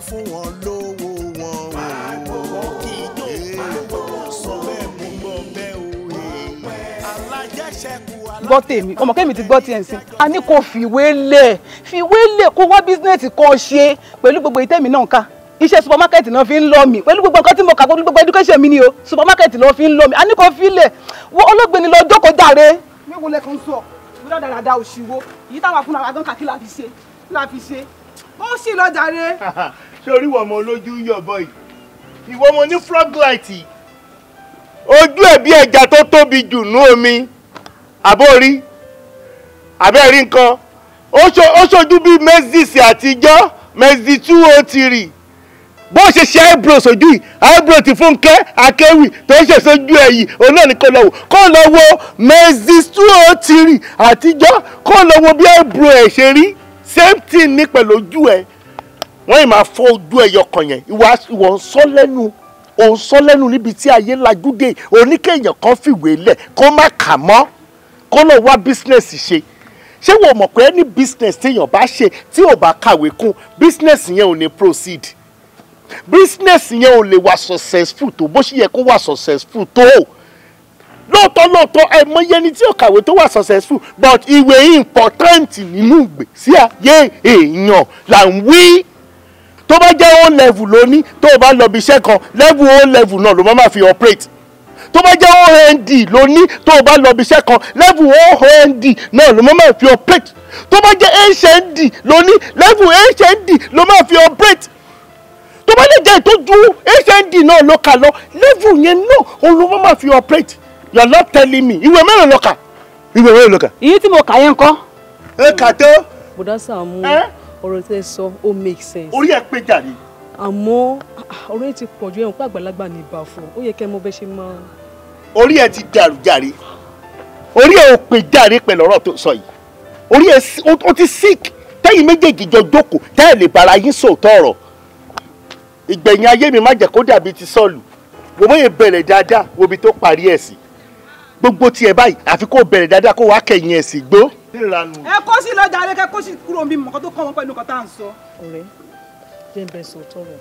ń fún wọn lówó wọn o kíjó sọ bẹ́ẹ̀ mú gbọ́ bẹ́ẹ̀ o eh. alájẹsẹ̀kù gbọ́ tèmi ọmọ kẹ́mi ti gbọ́ tiẹ̀ ń sìn a ní kò fìwé lẹ̀ fìwé lẹ̀ kó wá bísínẹ́sì kan ṣe pẹ̀lú gbogbo ìtẹ́mi náà ká iṣẹ́ supamakẹ́ẹ̀tì náà fi ń lọ mi pẹ̀lú gbogbo nǹkan tí mo kà pẹ̀lú gbogbo education mi ni o supamakẹ́ẹ̀tì náà fi ń lọ mi a ní kò fi lẹ̀ wọ olóògbé ni lọ́jọ́ kó jàre. mẹ́wò lẹ́kàn sọ ìgbéra dáadáa òṣìwò èyí táwọn afúnra wa gan kàkí la fi ṣe la fi ṣe ó sì lọ jàre. ṣé orí wọ̀ ọmọ olójú yọ̀bọ yìí ìwọ ọmọ ní froglet yìí ojú ẹ̀ bí ẹja tó tóbi jù nú omi àbórí àbẹ́ rí nǹkan ó ṣojú bí mezis àtijọ́ mezi two o oh three bó ṣe ṣe eyebrow sójú yìí eyebrow ti fúnkẹ́ akéwì tó ń ṣe sójú ẹ̀ yìí òun náà ni kò lọ wò kò lọ wo mezis two o oh three àtijọ́ kò lọ wo bí eyebrow ẹ̀ ṣe rí same thing ní pẹ̀lú ojú ẹ̀ wọ́n yìí máa fọ́ ojú ẹyọ kan yẹn ìwọ ń sọ lẹ́nu ò ń sọ lẹ́nu níbi tí ayé lajú dé oníkéèyàn kan fìwé lẹ̀ kó má kà mọ́ kó lọ wá bísínẹ́sì ṣe ṣé wọ́n mọ̀ pé any business téèyàn bá ṣe tí ò bá kàwé kún business yẹn ò ní proceed business yẹn ò lè wà successful tó bó ṣe yẹ kó wà successful tó lóòótọ́ lóòótọ́ ẹ mọyé ni tí ò kàwé tó wà successful but ìwé important nínú ìgbésí ayé èèyàn là ń wí tó bá jẹ́ o level lóní tó o bá lọ bí iṣẹ́ kan level o level náà ló máa fi operate tó bá jẹ́ ond lóní tó o bá lọ bí iṣẹ́ kan level ond náà ló máa fi operate tó bá jẹ́ hnd lóní level hnd ló máa fi operate tó bá lè jẹ́ ìtọ́jú hnd náà ló kà lọ level yẹn náà òun ló máa fi operate you are not telling me ìwé mẹ́rin ló kà ìwé mẹ́rin ló kà. èyí tí mo kà yẹn kọ́. ẹ kà tó. bùdá Sàámú. ẹ ọ̀rọ̀ tẹ́ sọ ó make sense. orí ẹ pé jàre. àmọ́ ọ̀rọ̀ yẹn ti pọ̀ ju ẹ̀hún pé àgbàlagbà ní ibà fún ó yẹ kẹ́ mọ bẹ́ ṣe máa. orí ẹ ti dàrú jàre orí ẹ ò pè jàre pẹ̀lú ọ̀rọ̀ tó sọ yìí orí ẹ ó ti sick tẹ́yìn méjèèjì jọ jókòó tẹ́ ẹ̀ lè bára yín sòótọ́ ọ̀rọ̀ ìgbẹ̀yìn ayé mi má jẹ́ kó dàbí ti sọ́ọ̀lù wò mọ̀ yẹn bẹ̀rẹ̀ dáadáa wo ibi tó parí ẹ̀ sí gbogbo tiẹ̀ báyìí àfi kó bẹ̀rẹ̀ dáadáa kó wàá kẹ̀yìn ẹ̀ sí gbó nílànà. ẹ kó sí lọ́jà rẹ kẹ kó sí kúrò bí mọ̀kọ́ tó kọ́ wọn pẹ̀lú nǹkan tá à ń sọ. ọ̀rẹ́ jẹ́ ń bẹ sọ tọrọ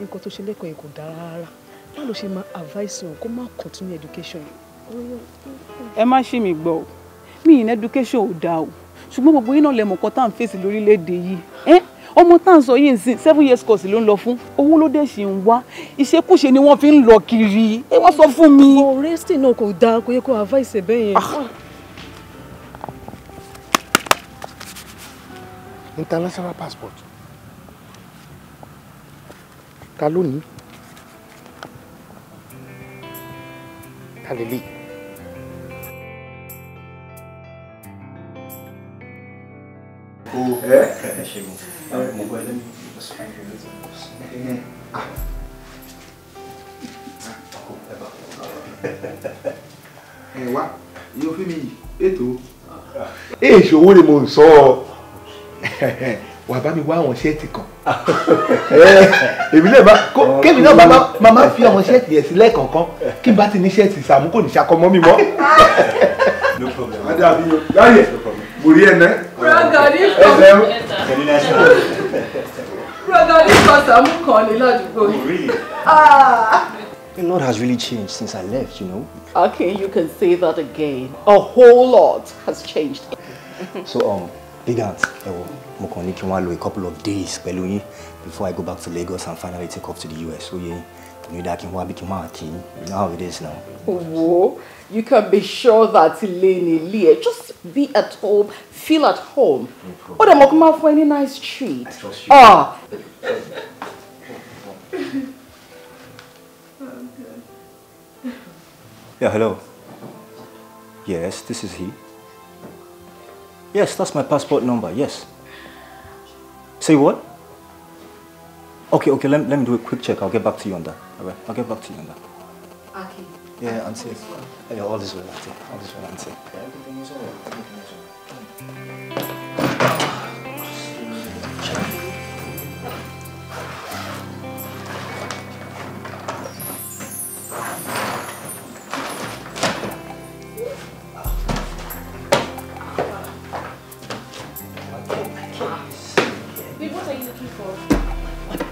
nǹkan tó ṣe lẹ́kọ̀ọ́ yìí kò dára rárá báwo ló ṣe máa advice òun kó má continue education ẹ má ṣe mí gbọ́ mi ì education ò dáa o ṣùgbọ́n gbogbo yín náà lẹ mọ̀kọ́ tá à ń fèsì lórílẹ̀‐èdè yìí ọmọ tá à ń sọ yìí nsìn seven years course ló ń lọ fún owó ló dẹ̀ ṣì ń wá ìṣekúṣe ni wọ́n fi ń lọ kiri ẹ wá sọ fún mi. ọ̀rẹ́ náà kò dáa kò yẹ kó advice ẹ̀ bẹ́ẹ̀ yẹn. Ah. international passport ta ló ní ta lè lè. o ẹ ẹ ṣe mo mo gbọ́ ẹlẹ́mi ah. ah, ẹ wá yóò fi mi ètò. èèṣòwò ah. eh, ni mo ń sọ ọ. wà bá mi wá àwọn ṣẹ́ẹ̀tì kan eh, èmi náà bá kémi náà bá má má fi àwọn ṣẹ́ẹ̀tì yẹn sílẹ̀ kankan kí n bá ti ní ṣẹ́ẹ̀tì Sàámú kò ní ṣakọ mọ́ mi mọ́. no problem. adabi yo láyè bùrí ẹ̀nẹ́. rọ́gàdì kan rọ́gàdì kan Sàámú kan ní ládùúgbò yìí. A ah. lot has really changed since I left, you know. Okay, you can say that again. A whole lot has changed. so, um, big aunt ẹ wo mo kàn a couple of days pẹ̀lú before I go back to Lagos and finally take off to the US ó yeah, yín kò ní dáa kí wọ́n á bí kí wọ́n you know how it is now. wo you can be sure that ilé ni ilé just be at home feel at home ó dẹ̀ mọ̀ kó máa fún ẹ nice treat. I trust you. Ah. Oh, yeah, hello. Yes, this is he. Yes, that's my passport number, yes. Say what? Okay, okay, let, let me do a quick check. I'll get back to you on that. All right, I'll get back to you on that. Okay. Yeah, Auntie. All well. Yeah, all is well, Auntie. All is well, Auntie. Yeah, everything is all right.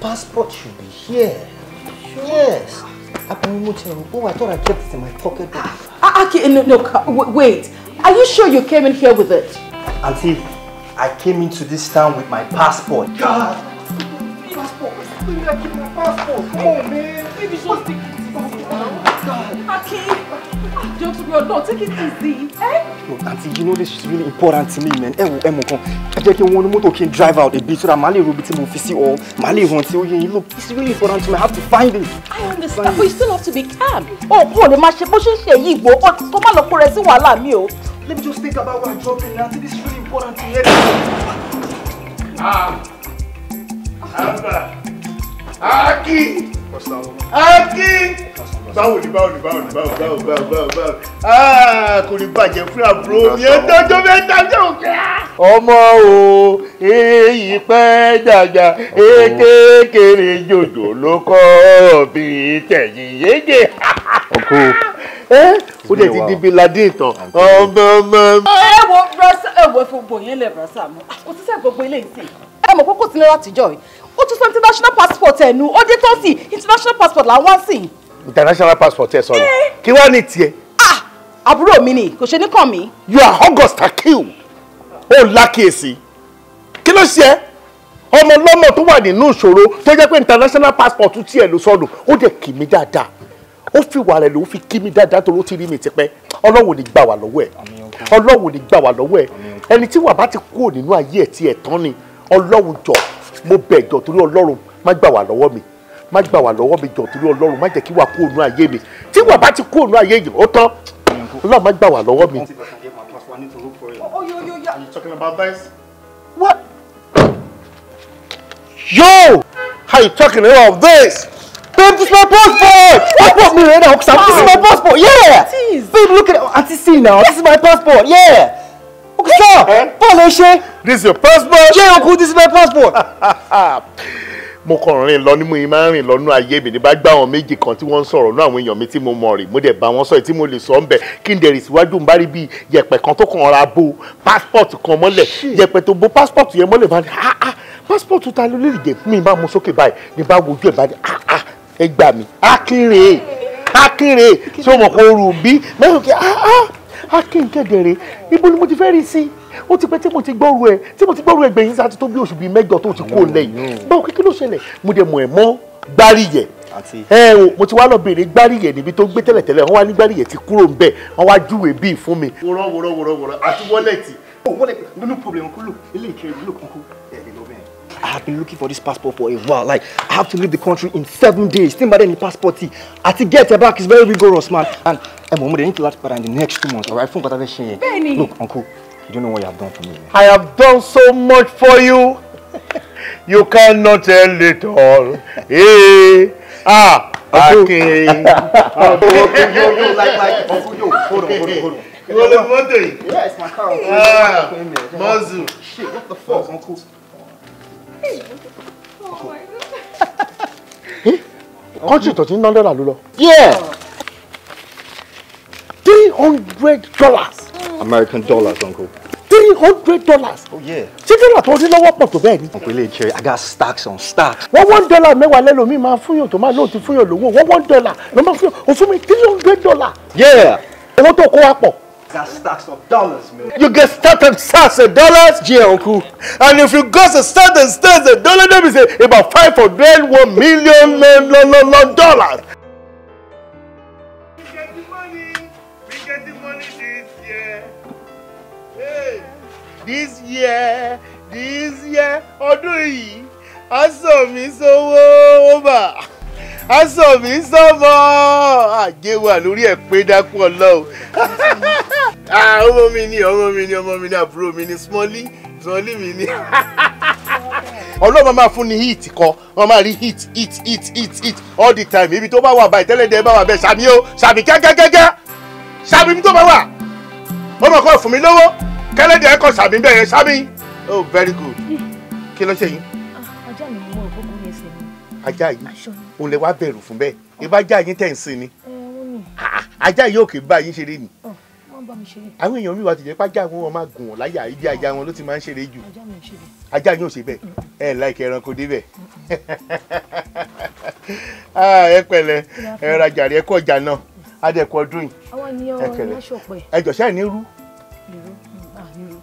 passport should be here. Sure. Yes. Oh, I thought I kept it in my pocket. Ah, ah okay, no, no, wait. Are you sure you came in here with it? Auntie, I came into this town with my passport. God! Passport! I keep my passport! Come oh, on, man! Maybe just take it. Oh, God! Aki! Okay. Jọ̀ọ́ torí Ọlọ́run, take it easy. Eh? No, auntie, you know this is really important to me, man. Eh, wò, ẹ mọ̀ kan. Ẹ jẹ́ kí n wọnú drive out a bit so that màá lè ro ibi tí mo fi sí ọ. Màá lè Look, it's really important to me. I have to find it. I understand, find but you still have to be calm. Oh, kò the máa but bó ṣe you go yìí Come on, má lọ kó rẹ sí wàhálà Let me just think about what I'm dropping, auntie. This is really important to me. Ah! Anda! Aqui! Aqui! báwo ni báwo ni báwo ni báwo báwo báwo báwo báwo aa ah, kò ní bàjẹ́ fún àbúrò mi ẹ tọ́jú mi ẹ òkè. ọmọ o èyí pẹ́ dàgbà èkékeré jòjò ló kọ́ bí tẹ̀yìn yége. ọkọ eh, ó dẹ̀ ti di biladé tán ọmọ ọmọ. ẹ wo rasa ẹ wo efo yẹn lẹ rasa mu kò sí sẹ gbogbo ilé ìsìn ẹ mọ̀ kókó sílẹ̀ látijọ́ yìí ó tún sọ international passport ẹ̀ nu ó dé tó sì international passport làwọn sì international passport ẹ sọnù eh. kí wàá ní tiẹ̀. ah àbúrò mi ni kò ṣe ní kàn mí. you are Augusta Akiu ó lákèsí kí ló ṣe ọmọ ọlọ́mọ tó wà nínú ìṣòro tó jẹ́ pé international passport tiẹ̀ ló sọnù ó dẹ̀ kì mí dáadáa ó fi wà rẹ̀ ló fi kí mi dáadáa tó ló ti rí mi tipẹ́ ọlọ́wọ́ ni gbà wá lọ́wọ́ ẹ̀ ọlọ́wọ́ ni gbà wá lọ́wọ́ ẹ̀ ẹni tí wàá bá ti kúrò nínú ayé ẹ̀ tí ẹ̀ tán ni ọlọ́wọ́ jọ mo bẹ̀ jọ torí ọlọ́run má gbà wá lọ́wọ́ mi má gbà wá lọ́wọ́ mi jọ̀ torí ọlọ́run má jẹ́ kí wà kó ònú ayé mi tí wà bá ti kó ònú ayé yìí ó tán ọlọ́run má gbà wá lọ́wọ́ mi. What? Yo! How you talking about this? Babe, this is my passport! What? Passport me right now, Sam. This is my passport, yeah! Jeez. Babe, look at it. Auntie C now. This is my passport, yeah! Okay, Sam! Paul O'Shea! This is your passport? Yeah, Uncle, this is my passport! mo kàn rìn lọ ní mo máa ń rìn lọ́nú ayé mi ní bá gbá àwọn méjì kan tí wọ́n ń sọ̀rọ̀ ní àwọn èèyàn mi tí mo mọ̀ rè mo dẹ̀ bá wọn sọ̀rọ̀ tí mo lè sọ ń bẹ̀ kí n dẹ̀ rì síwájú n bá rí bí yẹ̀pẹ̀ kan tó kàn ra bo passport kan mọ́lẹ̀ yẹ̀pẹ̀ tó bo passport yẹn mọ́lẹ̀ bá ní ah ah passport ta ló lè dè fún mi bá mo sókè báyìí ní bá wojú ah ah ẹ gbà mí akínre akínre tí mo mọ̀ kó rù bí ah ah akínkẹ́dẹ̀rẹ̀ ibo ni mo ti ó ti pẹ́ tí mo ti gbọ́rú ẹ tí mo ti gbọ́rú ẹ gbẹ̀yìn sáà ti tó bí oṣù bíi mẹ́jọ tó ti kó mm-hmm. lẹ́yìn báwo kí kí ló ṣẹlẹ̀ mo dẹ̀ mọ̀ ẹ̀ mọ́ gbáríyẹ̀ ẹ o mo ti wá lọ béèrè gbáríyẹ̀ níbi tó gbé tẹ́lẹ̀tẹ́lẹ̀ wọ́n wá ní gbáríyẹ̀ ti kúrò ń bẹ̀ wọ́n wá júwèé bíi fún mi. wòrán wòrán wòrán wòrán àti wọ́lẹ̀tì oh wọ́lẹ̀tì nínú problem I have been looking for this passport for a while. Like, I have to leave the country in seven days. Think about any passport. I to get it back is very rigorous, man. And, and Mom, they need to last in the next two months, all right? Fún kọ́tà fẹ́ Look, uncle. You don't know what you have done for me. I have done so much for you. you cannot tell it all. Hey, eh. ah, okay. okay. Yo, yo, like, like, Uncle Yo. Hold on, hold on, hold on. You want to motor? Yeah, it's my car. Yeah, Ah, Mazu. Shit, what the fuck, Uncle? Hey, oh my God. Hey, country thirteen hundred ló lọ. Yeah. Three hundred dollars. Hmm. American dollars, Uncle three hundred dollars. Oh, ṣé dọ́là tó ní lọ́wọ́ pọ̀ tó bẹ́ẹ̀ ni. òpèlè ìkẹrẹ i got stacks on stacks. wọ́n one dollar mẹ́wàá lẹ́lòmíì máa fúnyàn tó máa lóun ti fúnyàn lówó wọ́n one dollar ló máa fúnyàn o fún mi three hundred dollars. owó tó kó wa pọ̀. Got stacks of dollars, man. You get stacks of stacks of dollars, yeah, uncle. And if you got a stack and stacks of dollars, that means about five hundred one million, man, lo, lo, lo, dollars. this year this year ọdún yìí aṣọ mi sówó ọba aṣọ mi sọmọ àjẹ wà lórí ẹ pé dákú Ọlọ́run ah, ọmọ mi ni ọmọ mi ni ọmọ mi ni àbúrò mi ni smọlí smọlí mi ni ọlọ́run máa fún ni hit kọ wọ́n máa rí heat, heat, heat, heat, heat, all the time ibi tó bá wà báyìí tẹ́lẹ̀ dẹ́ bá wà bẹ́ẹ̀ ṣàmì o ṣàmì gẹ́gẹ́gẹ́gẹ́ ṣàmì ibi tó bá wà ọmọ kan fún mi lọ́wọ́ kẹlẹ́dẹ̀ ẹ̀kọ́ sàmì bẹ́ẹ̀ yẹn sàmì. oh very good kí ló ṣe yín. ajá mi mú òkúkú yẹn sí mi. ajá yìí o lè wá bẹ̀rù fún bẹ́ẹ̀ ìbájá yín tẹ̀ ń sin ni ajá yìí ò kì í bá yín ṣeré ni àwọn èèyàn mi wà ti jẹ́ pàjá wọn wọn máa gùn wọn láyà ibi ajá wọn ló ti máa ń ṣeré jù ajá yóò ṣe bẹ́ẹ̀ ẹ láìka ẹranko débẹ̀ ah, ẹ pẹ̀lẹ́ ẹ rajà rẹ ẹ kọ ọjà náà adẹkọ ọdún yìí ẹ kẹlẹ ẹ jọ̀ṣẹ́ ní rú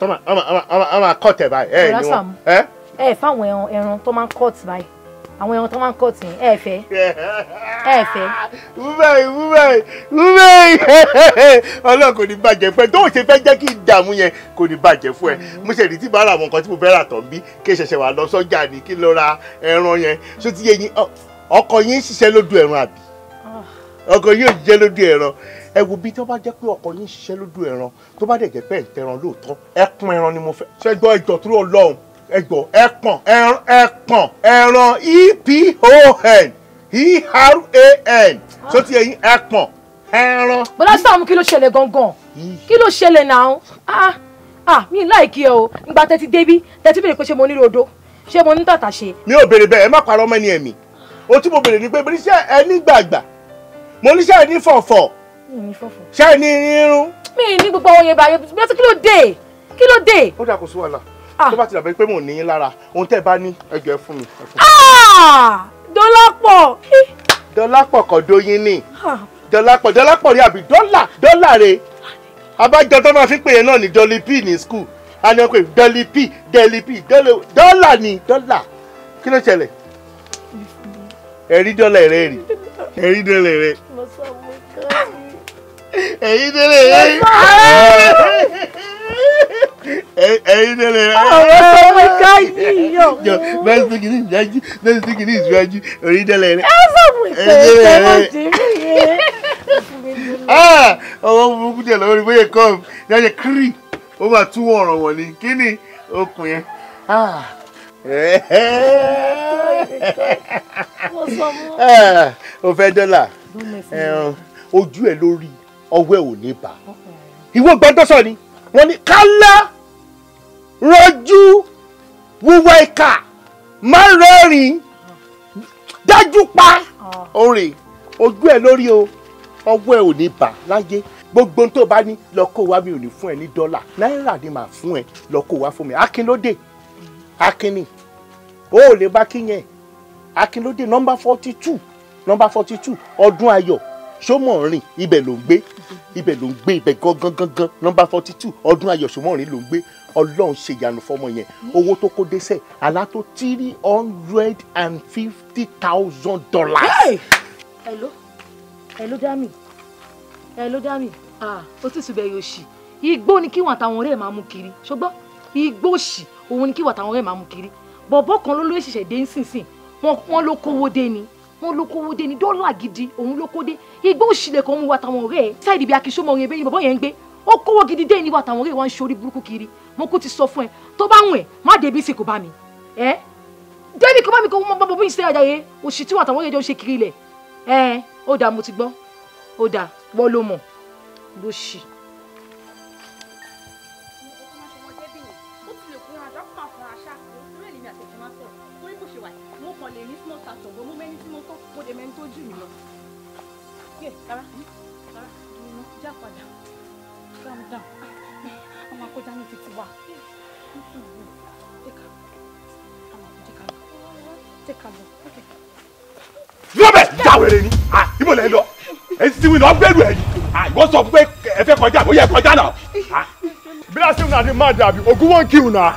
tọ́mà ọmọ ọmọ ọmọ cut ẹ̀ báyìí. ẹ ní wọn ẹ. ẹ fáwọn ẹran tó máa ń cut báyìí àwọn ẹran tó máa ń cut yẹn ẹ fẹ́ ẹ fẹ́. wúbẹ̀yì wúbẹ̀yì wúbẹ̀yì ọlọ́run kò ní bàjẹ́ pẹ́ tó o ṣe fẹ́ jẹ́ kí ìdààmú yẹn kò ní bàjẹ́ fún ẹ mo ṣe rí tí bá ra àwọn nǹkan tí mo fẹ́ rà tán bí kí ẹ ṣẹ̀ṣẹ̀ wà lọ sọ́jà ni kí lọ ra ẹran yẹn ṣó ti yẹ yín ọkọ yín ṣiṣẹ́ lójú ẹran àbí ah. ọkọ yóò jẹ́ lójú ẹran ẹ wo bí tí wọ́n bá jẹ́ pé ọkọ ní ṣiṣẹ́ lójú ẹran tó bá dẹ̀ jẹ́ pé ẹ̀ ń tẹran lóòótọ́ ẹ pọn ẹran ni mo fẹ́ ṣe gbọ́ ẹjọ́ tó lọ́hùn ẹjọ́ ẹ pọn ẹran ẹ pọn ẹran epon eran tó ti ẹyin ẹ pọn ẹran. E bọ́lá sáàmù kí ló ṣẹlẹ̀ gangan kí ló ṣẹlẹ̀ náà ah, ah mi láìkí ẹ o ìgbà tẹ́tí débí tẹ́tí bèrè pé ṣé mo ní rodo ṣé mo ní tàtà ṣe. mi ò béèrè bẹ́ẹ̀ ẹ má parọ́ mọ́ ẹ̀mí o tí mo béèrè ni pé mo níṣẹ́ ẹ ní gbàgbà mo níṣẹ́ ẹ ní fọ̀fọ̀ mi fọ́fọ́. ṣé ní irun. mi ní gbogbo àwọn yẹn báyọ̀ bí wọ́n ti kí ló dé kí ló dé. ó dà kó sí wàhálà ah. tó bá ti dàbí pé mò ń ní yín lára ohun tẹ́ ẹ bá ní ẹjọ́ ẹ fún mi. Ah! dọ́lápọ̀. dọ́lápọ̀ kò dóyin ni ah. dọ́lápọ̀ dọ́lápọ̀ rí àbí dọ́là dọ́là rẹ̀ abájọ tó máa fi pè é náà ní jolly p ní school a ní wọn pè jolly p jolly p dọ́là ni dọ́là kí ló ṣẹlẹ̀ ẹ̀rí dọ́là rẹ̀ rí ẹ̀rí dọ́là rẹ̀ ẹ̀yin délé ẹ̀yin ẹ̀yin délé ọ̀rọ̀ sọmọ ìka yìí yọ. bẹ́ẹ̀ sì kìíní ìjájú bẹ́ẹ̀ sì kìíní ìsúwájú orí délé rẹ. ẹ sọmọ ìka yìí sọmọ jèmí yẹn. ọwọ́ burúkú jẹ̀ lọ́wọ́ ni bóyá kọ́ ọ́ ní kiri ó máa tún ọ̀ràn wọ̀ ni kí ni okùn yẹn. Ah. Ah, o fẹ́ dọ́là ojú ẹ̀ lórí ọwọ́ ẹ̀ ò ní bà á ìwé gbọ́dọ́sọ ni wọ́n ní kálá rọjú wúwọ́ ìka má rẹ́rìn dájú pa orin ah. ojú ẹ̀ lórí o ọwọ́ ẹ̀ ò ní bà á láyé gbogbo tó bá ní lọ kó wá mi ò ní fún ẹ ní dọ́là náírà ni màá fún ẹ lọ wá fún mi akínlódé mm. akínní o ò lè bá kíyẹn akínlódé nọmba forty two nọmba forty two ọdún ayọ̀ sọmọ rìn ibẹ̀ ló ń gbé ibẹ̀ ló ń gbé ibẹ̀ gangan gangan nọ́mbà forty two ọdún ayọ̀ sọmọ́rin ló ń gbé ọlọ́run ṣe ìyanu fọmọ yẹn owó tó kó dẹ́sẹ̀ àlá tó three hundred and fifty thousand dollars. hello hello dami hello dami ah o ti sùn bẹ́ẹ̀ yóò ṣì igbó ni kíwọ̀n àtàwọn ọ̀rẹ́ ẹ̀ máa mú kiri ṣùgbọ́n igbó ṣì òun ni kíwọ̀n àtàwọn ọ̀rẹ́ ẹ̀ máa mú kiri bọ̀bọ̀ kan ló ló ṣẹ̀ṣẹ̀ dé nísinsìnyí wọ́n ló kówó dé ni wọn ló kówó dé ni dọ́là gidi òun ló kó dé igbó òṣìlẹ̀ kan mú wa tàwọn ọ̀rẹ́ ẹ̀ sáìdì bí akíṣọ́mọ rẹ̀ bẹ́yìn bàbá yẹn ń gbé ó kówó gidi dé ni wa tàwọn ọ̀rẹ́ wa ń ṣorí burúkú kiri mo kú ti sọ fún ẹ tó bá wùn ẹ má débi sí kò bá mi ẹ débi kò bá mi kò mọ bọ́ bí ìṣẹ́ ajaye òṣì tí wa tàwọn ọ̀rẹ́ jọ ń ṣe kiri lẹ̀ ẹ ó dà mo ti gbọ́ ó dà wọ́n ló mọ̀ ló ṣe ti máa ń sọ̀rọ̀ torí bó ṣe wà mo kàn lè ní small tattoo bó mo mẹ́ni tí mo tọ́ mo lè mẹ́ni tó jù mí lọ. yé rárá rárá ìrìnà já padà calm down ọmọ akójá ní títí wà lọ́bẹ̀ jáwèrè ni ìmọ̀ lẹ́ lọ èsì tí mi lọ gbẹ́rù ẹ̀ yìí wọ́n sọ pé ẹ fẹ́ kọjá bóyá ẹ kọjá náà. bí lásìkò náà ni máa dàbí ogún wọn kírun náà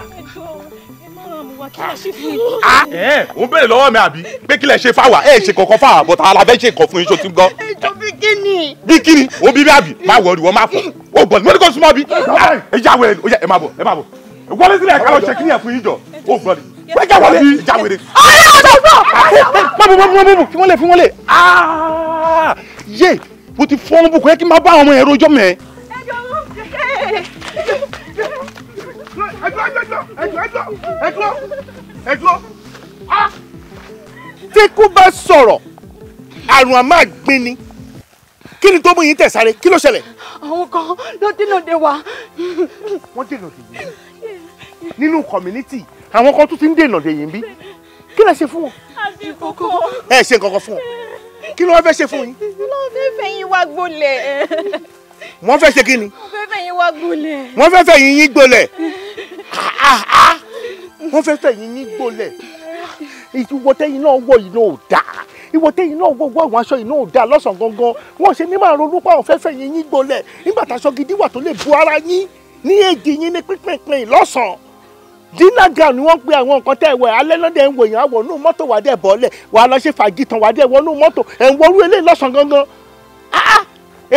ẹ ah, ò ń bèrè lọ́wọ́ mi àbí pé kílẹ̀ ṣe fáwa ẹ ṣe kankan fáwa bọ̀tà alábẹ́ ṣe nǹkan fún iṣẹ́ tí ń gbọ́. ẹjọ bí kíni. bí kíni o bí bí àbí má wọ ìwọ má fọ o bọ̀ mo ní kó súnmọ́ bí ẹ ah, já wẹ̀rẹ̀ o yà ẹ má bọ̀ ẹ má bọ̀ wọlé sílẹ̀ ká lọ ṣe kíni ẹ̀ fún yín jọ o bọ̀ ni wọ́n já wọlé bí já wẹ̀rẹ̀. ọ̀rẹ́ ọ̀dọ̀ fún ọ. má ẹ̀dúró ẹ̀dúró ẹ̀dúró ẹ̀dúró ẹ̀dúró ah tíkú bá sọ̀rọ̀ àrùn àmà gbin ni kí ni tó mú yín tẹ̀sáré kí ló ṣẹlẹ̀. àwọn kan ló dènà de wa. wọ́n dènà de yín nínú community àwọn kan tún ti ń dènà de yín bí kí lẹ ṣe fún wọn. àbí kókó. ẹ ṣe nǹkan kan fún wọn kí ló wá fẹ́ ṣe fún yín. wọ́n fẹ́ fẹ̀yìn wá gbolẹ̀. wọ́n fẹ́ ṣe kí ni. wọ́n fẹ́ fẹ̀yìn wá gbolẹ̀. wọ́n fẹ́ fẹ̀yìn yín gbolẹ̀ wọ́n fẹ́ fẹ̀yìn ní gbolẹ̀ ìwọ tẹ́yìn náà wọ̀ yìí náà ò dáa ìwọ tẹ́yìn náà wọ̀ wọ̀ àwọn aṣọ yìí náà ò dáa lọ́sàn-án gangan wọ́n ṣe ní máa ronú pa àwọn fẹ́fẹ́ yín yín gbolẹ̀ nígbà táṣọ gidi wà tó lè bu ara yín ní èjì yín ní pínpín lọ́sàn-án dinner gown ni wọ́n pe àwọn nǹkan tẹ́ ẹ wẹ̀ alẹ́ lọ́dẹ̀ ń wò yàn wọ̀ nù mọ́tò wà dẹ̀ bọ́lẹ̀ wà á lọ ṣe fàájì tán wà dẹ̀ wọ̀ nù mọ́tò ẹ̀ ń wọrú eléyìí lọ́sàn-án gangan ah, ah.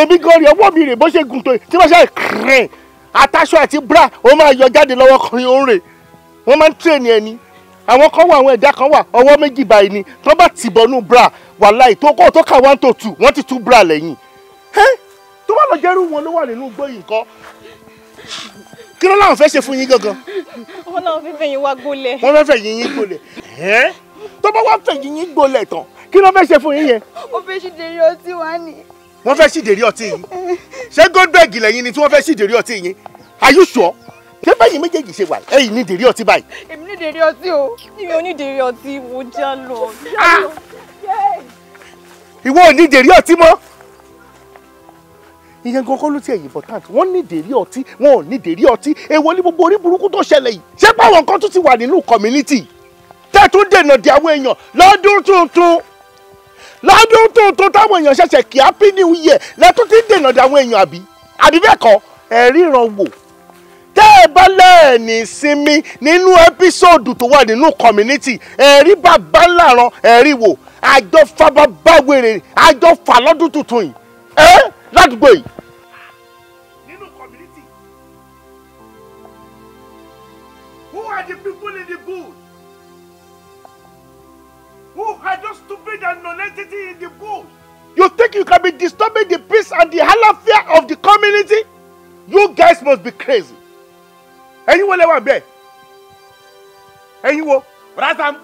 èmi gan rè ọwọ́ mi rè bó ṣe gùn tó yìí tí wọ́n ṣe kìrìn àtàṣọ àti bra ó máa yọ jáde lọ́wọ́ ọkùnrin òǹrè wọ́n máa ń tírèèni ẹni àwọn kan wà àwọn ẹ̀dá kan wà ọwọ́ méjì báyìí ni tó bá tìbọnú bra wàláì tó kọ́ tó kà one to two wọ́n ti tú bra lẹ́yìn tó bá lọ jẹ́rú wọn ló wà nínú igbó yìí kọ́ kí ló láwọn fẹ́ ṣe fún yín gangan. wọn láwọn fẹ́ fẹ́ yín wá gbolẹ̀. wọn fẹ́ fẹ́ fẹ́ yín yín gbolẹ̀ tán kí ló fẹ́ ṣe fún yín yẹn. ó fẹ́ ṣe dèrè ọtí wá ni wọ́n fẹ́ ṣìdérí ọtí yín ṣé goldberg lẹ́yìn ni tí wọ́n fẹ́ ṣìdérí ọtí yín are you sure ṣé báyìí méjèèjì ṣe wà ẹ̀yìn ní dèrí ọtí báyìí. èmi ní dèrí ọtí o èmi ò ní dèrí ọtí mo já lọ. Ah! ìwọ ò ní dèrí ọtí mọ́ ìyẹn gan kọ́ ló ti ẹ̀yìn important wọ́n ní dèrí ọtí wọn ò ní dèrí ọtí èwo ni gbogbo orí burúkú tó ṣẹlẹ̀ yìí ṣé báwọn kan tún ti wà nínú community tẹ́tún dènà di àwọn èèyàn lọ́dún tuntun lọ́dún tó tó táwọn èèyàn ṣẹ̀ṣẹ̀ kí happy new year lẹ́tọ́ ti ń dènà dáwọn èèyàn àbí àbí bẹ́ẹ̀ kọ́ ẹ̀ ríran wò tẹ́ ẹ bá lẹ́ẹ̀ni sinmi nínú ẹ́písòdù tó wà nínú community ẹ̀rí bàbá ńláran ẹ̀rí wò àjọ fábà báwèrè àjọ fà lọ́dún tuntun yìí ẹ́ ládùúgbò yìí. nínú community who are the people. who had just stupid and non in the bush. You think you can be disturbing the peace and the halafia of the community? You guys must be crazy. Ẹ̀yin wo lẹ wà bẹ́ẹ̀? Ẹ̀yin wo? Brasam,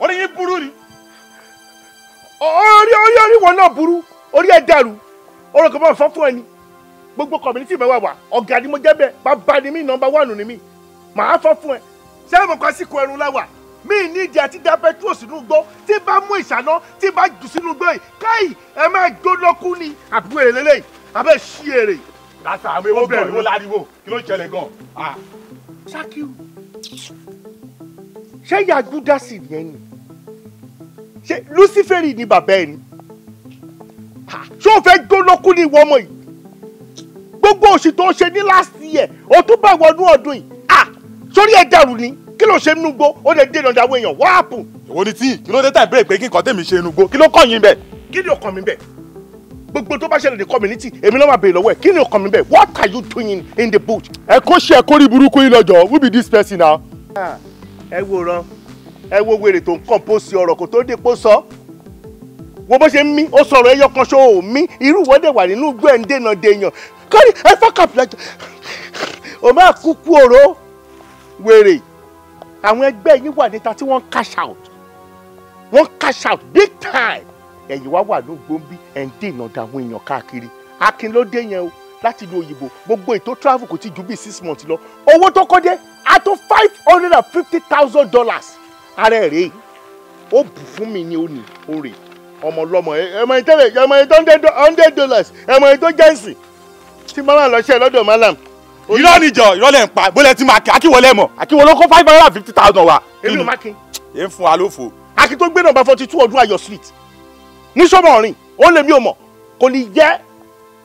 orí yín burú ni. Orí orí orí wọn náà burú, orí ẹ̀ dàrú, orí kò bá fọ́ fún ẹni. Gbogbo community mẹ́wàá wà, ọ̀gá ni mo jẹ́ bẹ́ẹ̀, bàbá ni mí, nọ́mbà one ni mí. Màá fọ́ fún ẹ. Ṣé mo kọ́ sí kun ẹrun láwà? mi nídìí àti da petrol sínú gbó tí bá mú ìṣáná tí bá jù sínú gbó yìí káì ẹ máa jóná kú ni àbúrò èrè lélẹ́yìí abẹ́ ṣí èrè. látà àwọn ewu bẹ̀rẹ̀ ló láriwo kí ló ṣẹlẹ̀ gan. Ah. ṣákìú ṣé ìyá júdásì yẹn ni ṣé lúsífẹ́rì ni bàbá ẹ ni ṣé fẹ́ jóná kú ni ìwọ ọmọ yìí gbogbo òṣì tó ṣe ní last year o bá wọnú ọdún yìí ah, sórí ẹ dàrú ni kí ló ṣe nínú gbó ó lè dé ìdọ̀dà àwọn èèyàn wáàpù. èwo ni tíì kí ló dé tàbí pé kí nǹkan tèmi ṣe nínú gbó kí ló kàn yín bẹ́ẹ̀. kí ni ọkàn mi bẹ́ẹ̀ gbogbo tó bá ṣẹlẹ̀ ní community èmi náà máa béèrè lọ́wọ́ ẹ̀ kí ni ọkàn mi bẹ́ẹ̀ what are you doing in the boat. ẹ kó ṣe ẹ kórìí burúkú yìí lọ́jọ́ who be this person now. Ah, ẹ wo ran ẹ wo wèrè tó ń compose ọ̀rọ̀ kó tó dé pò sọ wo bó ṣe ń mí ó sọ̀rọ̀ ẹyọ kan ṣo ò mí irú ìwọ́dẹ̀ wà nínú gbẹ̀ǹdẹ̀nà dèèyàn kárí ẹ fọ́kàpìlà o máa kúkú òró wèrè àwọn ẹgbẹ́ yín wà níta tí wọ́n cash out wọ́n cash out big time ẹ̀yin wá wà ló gbóǹbí ẹ̀ ń dènà dàwọn èèyàn káàkiri akin ló dé yẹn o láti ìlú òyìnbó gbogbo ètò travel kò ti ju bíi six months lọ owó tó kọ́ dé a tó five hundred and fifty thousand dollars ara ẹ̀ rèé ó bù fún mi ní òní òrè ọmọ ọlọmọ ẹmọ ìtẹ́lẹ̀ ẹmọ ìtọ́ hundred dollars ẹmọ ìtọ́ jẹ́ǹsì tí màmá lọ ṣe lọ́dọ̀ malam irọ́ níjọ irọ́ lẹ́ ń pa bólẹ̀ tí máa kí akíwọlé mọ̀ akíwọlé kó five hundred and fifty thousand wa. èmi ò má kí. èyí ń fún wa lófo. akin tó gbé nọ́mbà forty two ọdún ayọ̀ street ní sọ́mọ̀ ọ̀rìn ó lè mí ò mọ̀ kò ní yẹ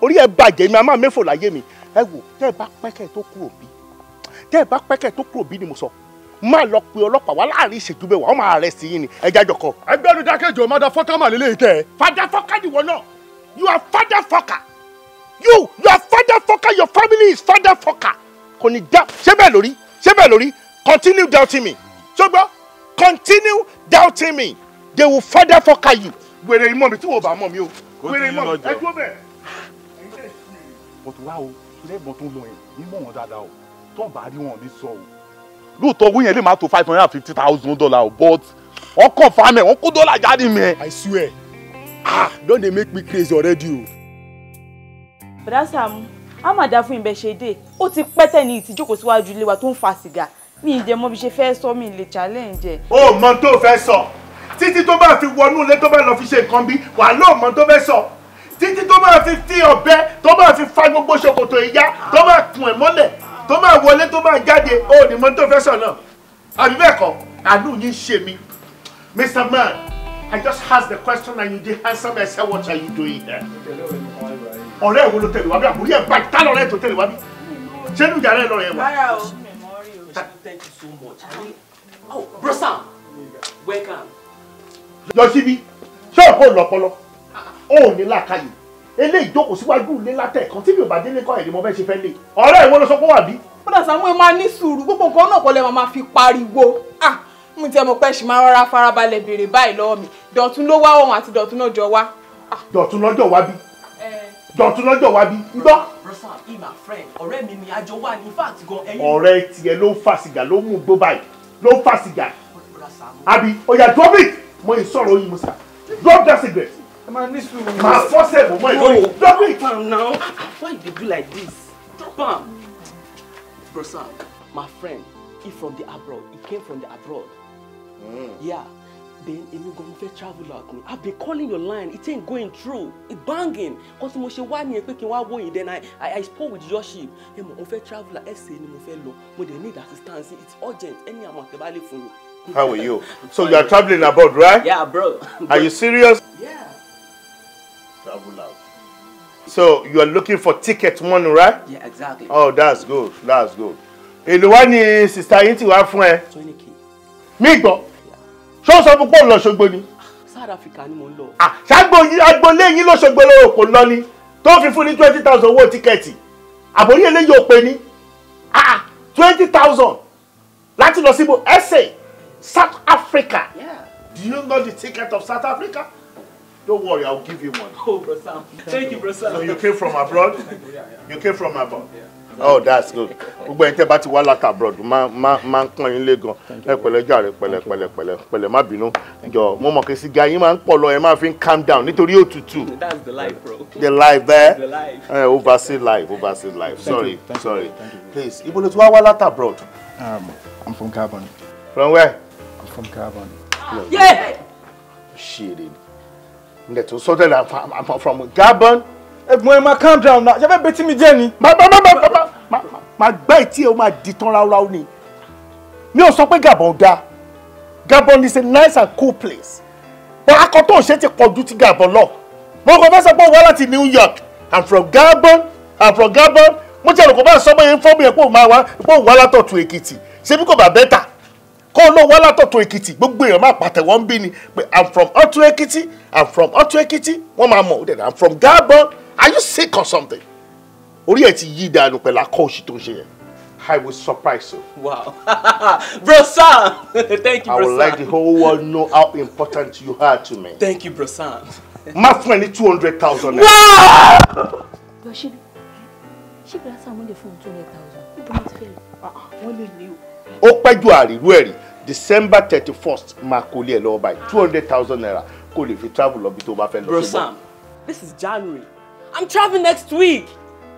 orí ẹ̀ bàjẹ́ mi àmà mẹ́fò láyé mi ẹ wò tẹ́ ẹ bá pẹ́kẹ́ tó kúrò bí tẹ́ ẹ bá pẹ́kẹ́ tó kúrò bí ni mo sọ má lọ pe ọlọ́pàá wá láàrin ìṣẹ́jú bẹ́ẹ̀ wà ó máa rẹ̀ sí yín ni ẹ jájọ kọ. ẹgbẹ́ ọdún dákẹ́jọ́ mọ́dà fọ́kà màlélẹ́yìn kẹ́ ẹ. fàdáfọ́kà nìwọ náà you are fàdáfọ́kà you your father fucker your family is father fucker kò ní dá ṣé bẹ́ẹ̀ lórí ṣé bẹ́ẹ̀ lórí continue doubting me ṣùgbọ́n continue doubting me they will father fucker you wèrè ìmọ̀ mi tí wọ́n bá mọ̀ mi o wèrè ìmọ̀ mi ẹ dúró bẹ́ẹ̀. bọ̀tù wá o lẹ́gbọ̀n tó ń lọ yẹn mímọ̀ wọn dáadáa o tó ń bá rí wọn ní sọ o lóòótọ́ owó yẹn lè má tó five hundred and fifty thousand dollars o but wọ́n kàn fámẹ́ wọ́n kó dọ́là jáde mẹ́. I swear ah don dey make me craze already o bọ̀dá Sàámú a máa dá fún ìbẹ̀ ṣe dé ó ti pẹ́ tẹ̀lé ìtìjókòó síwájú ilé wa tó ń fa sìgá mi ì dẹ̀ mọ́ bí ṣe fẹ́ sọ mi lè challenge. o mọ tó fẹ́ sọ títí tó bá fi wọnú ilé tó bá lọ fi ṣe nǹkan bí wà ló mọ tó fẹ́ sọ títí tó bá fi tí ọbẹ̀ tó bá fi fa gbogbo ṣòkòtò ìyá tó bá kùn ẹ̀ mọ́lẹ̀ tó bá wọlé tó bá jáde o ní mọ tó fẹ́ sọ náà àbí bẹ́ẹ̀ kọ́ àánú yín ṣe mi Mr. Man, I just ask the question and you dey answer me I say what are you doing here ọ̀rẹ́ ìwo ló tẹ̀lé wá bí àbúrí ẹ̀ báyìí tá lọ́rẹ́ tó tẹ̀lé wá bí ṣé nùjà rẹ̀ lọ́rẹ́ wá. rárá o thank you so much. oh brosa welcome. yọ síbi ṣé òkú lọpọlọ ó ní làákàyè eléyìí jókòó síwájú ilé látẹ̀ kan tí mi ò bá délé kọ́ ẹ̀ ni mo fẹ́ ṣe fẹ́ lé ọ̀rẹ́ ìwo ló sọ pé wà bí. bọ́dà Sàámú máa ní sùúrù gbogbo nǹkan náà kọ́ lẹ́ máa fi pariwo ah, mo ti ẹ mọ̀ pé ṣì máa rọra farabalẹ̀ béèrè báyìí lọ́wọ́ mi dọ̀tún ló wá òun àti dọ̀tún náà jọ wá. Ah. dọ̀tún lọ́jọ́ wá bí dọ̀tún lọ́jọ́ wa bí gbọ́. rosan he my friend ọ̀rẹ́ mi ni àjọ wà ní fact gan ẹyin. ọ̀rẹ́ tiẹ̀ ló fa sìgá ló mú gbó báyìí ló fa sìgá àbí oya drop it mo yìí sọ̀rọ̀ yìí mo sà drop that cigarette. ẹ máa ní sùúrù. máa fọ́ sẹ́ẹ̀bù mọ́ ìlú drop it. drop am now why you dey do like this drop am. rosan my friend he from the abroad he came from the abroad. Mm. yeah then èmi gan mo travel out ni i been calling your line it ain't going through it banging Cause tí mo ṣe wá nìyẹn pé kí n wá wọ̀nyí then i i, I spoke with Yorship ẹ mọ̀ mo fẹ́ travel out ẹsẹ̀ ni mo fẹ́ lọ mo dey need assistance it's urgent any amount ẹ bá lè fún mi. how are you so you are travelling abroad right. yeah bro. are you serious. yeah. travel out. so you are looking for ticket money right. yeah exactly. oh that's good that's good. èlò wá ní sista yìí ti wá fún ẹ. twenty k. mi gbọ́ ṣó sọ fún pọ́ùn lọ́sọ̀gbọ́ ni. South Africa ni mo ń lọ. Ah, ṣàgbọ́ agboolé yín lọ́sọ̀gbọ́ lọ́wọ́ kò lọ ni tó fi fún ní twenty thousand owó tíkẹ́ẹ̀tì àbórí eléyìí ò pé Ah, twenty thousand láti lọ síbo ẹsẹ̀ South Africa yeah. do you know the ticket of South Africa don't worry I'll give you one. oh bro Sam thank you bro Sam. so you came from abroad yeah, yeah. you came from abroad. Yeah oh that's good gbogbo ẹ̀yin tẹ́ bá ti wá láti abroad máa ń pọ́n yín lé gan ẹ pẹ̀lẹ́ jàre pẹ̀lẹ́ pẹ̀lẹ́ pẹ̀lẹ́ pẹ̀lẹ́ má bínú jọ mo mọ̀ kí sìgá yín máa ń pọ̀ lọ ẹ máa fi ń calm down nítorí òtútù that's the life bro the life eh? there ẹ eh, oversee life oversee life sorry sorry please ibo ló ti wá wá láti abroad. Um, I'm from Carbon. From where? I'm from Gabon. No. Yeah! Shitting. Neto, so that I'm, from Carbon. Hey, boy, ma, calm down now. You ever beating me, Jenny? Ma, ma, ma, ma, ma, máa gbá ìtí ẹ o máa di tán ráúráú ni mi ò sọ pé Gabon da Gabon is a nice and cool place but akọ tó ń ṣe ti pọ̀ ju ti Gabon lọ mo kàn fẹ́ sọ pé wá láti New York I'm from Gabon I'm from Gabon mo ti ẹ̀rọ kò bá sọmọ yẹn fọ́ọ̀mù yẹn kó máa wá kó wá látọ̀tún Èkìtì ṣebí kò bá bẹ́tà kó ló wá látọ̀tún Èkìtì gbogbo èèyàn máa pàtẹ́wọ́ ń bí ni pé I'm from ọ̀tún Èkìtì I'm from ọ̀tún Èkìtì wọ́n máa mọ̀ ó dẹ̀ I'm from Gabon are you sick or something orí ẹ̀ ti yí dànù pẹ̀lú akọ́ tó ń ṣe yẹn I will surprise you. Wow. bro Sam, thank you, bro I would like the whole world know how important you are to me. Thank you, bro Sam. Má fún ẹ ní two hundred thousand naira. Yọ ṣíbi, ṣíbi lásán àwọn lè fún un two hundred thousand. Níbo mo ti fẹ́ lọ? Ah, ah, wọ́n lè ní o. Ó pẹ́ ju àrírú ẹ̀rí December thirty first máa kó lé ẹ lọ́wọ́ báyìí two hundred thousand naira kó lè fi travel lọ bí tó bá fẹ́ lọ. Bro Sam, this is January. I'm traveling next week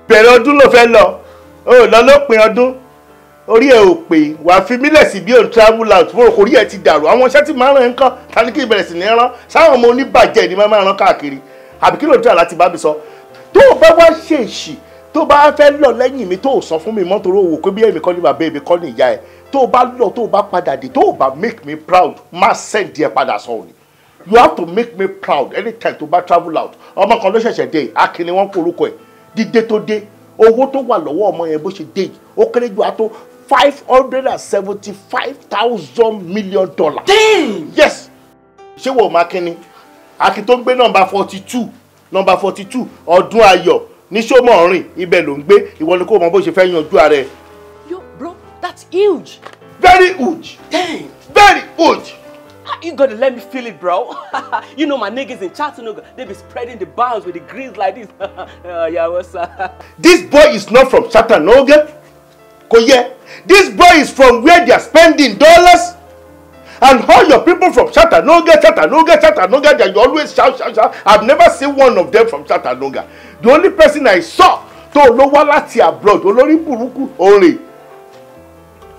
bẹ̀rẹ̀ ọdún ló fẹ́ lọ ó lọ lópin ọdún orí ẹ ò pé wàá fi mílẹ̀ sí bí òun travel out mo rò kò rí ẹ ti dàrú àwọn iṣẹ́ tí màá rán nǹkan tani kí ìbẹ̀rẹ̀ sí ní rán sáwọn ọmọ oníbàjẹ́ ni màá rán káàkiri àbí kí ló dé àláti bá mi sọ tó o bá wá ṣèṣì tó bá fẹ́ lọ lẹ́yìn mi tó o sọ fún mi mọ́ torí owó pé bí èmi kọ́ ni bàbá èmi kọ́ ni ìyá ẹ̀ tó o bá lọ tó o bá padà dé tó o bá make me proud má send ẹ padà sọ òní you have to make me proud anytime tó bá travel out ọmọ kan ló ṣẹ̀ṣẹ̀ dé akínni wọn kó orúkọ ẹ̀ dídé tó dé owó tó wà lọ́wọ́ ọmọ yẹn bó ṣe dé ó kéré jù á five hundred and seventy five thousand million dollars. damn yes ṣé wo makíní akin tó ń gbé nọ́mbà forty two nọ́mbà forty two ọdún ayọ̀ ní sọmọrin ibẹ̀ ló ń gbé ìwọ ni kò mọ bó ṣe fẹ́ yanjú ara yo bro that's huge. very huge. damn very huge. You gotta let me feel it, bro. you know my niggas in Chattanooga, they be spreading the bombs with the greens like this. uh, yeah, what's up? This boy is not from Chattanooga. Koye, this boy is from where they are spending dollars. And all your people from Chattanooga, Chattanooga, Chattanooga, that you always shout, shout, shout. I've never seen one of them from Chattanooga. The only person I saw tó ló wá láti abroad olórí Buruku, only.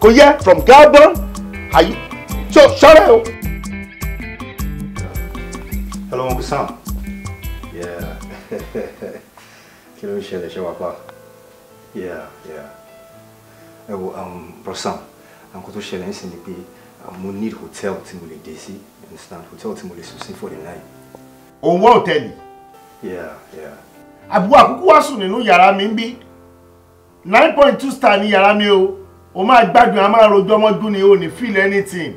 Koye from Gabon are you? so ṣọ́ra o. Hello, Uncle Sam. Yeah. Can we share the show, Papa? pa? Yeah, yeah. Ẹ oh, wo um, Bro Sam, nǹkan tó ṣẹlẹ̀ ń sìn ni pé mo need hotel tí mo lè dé understand? Hotel tí mo lè sùn sí for the night. Òun wá hòtẹ́ẹ̀lì. Yeah, yeah. Àbúrò àkókò wá sùn nínú yàrá mi ń bí. Nine point two star ní yàrá mi o. O máa gbádùn, a máa rojọ́ mọ́jú ni o, ní feel anything.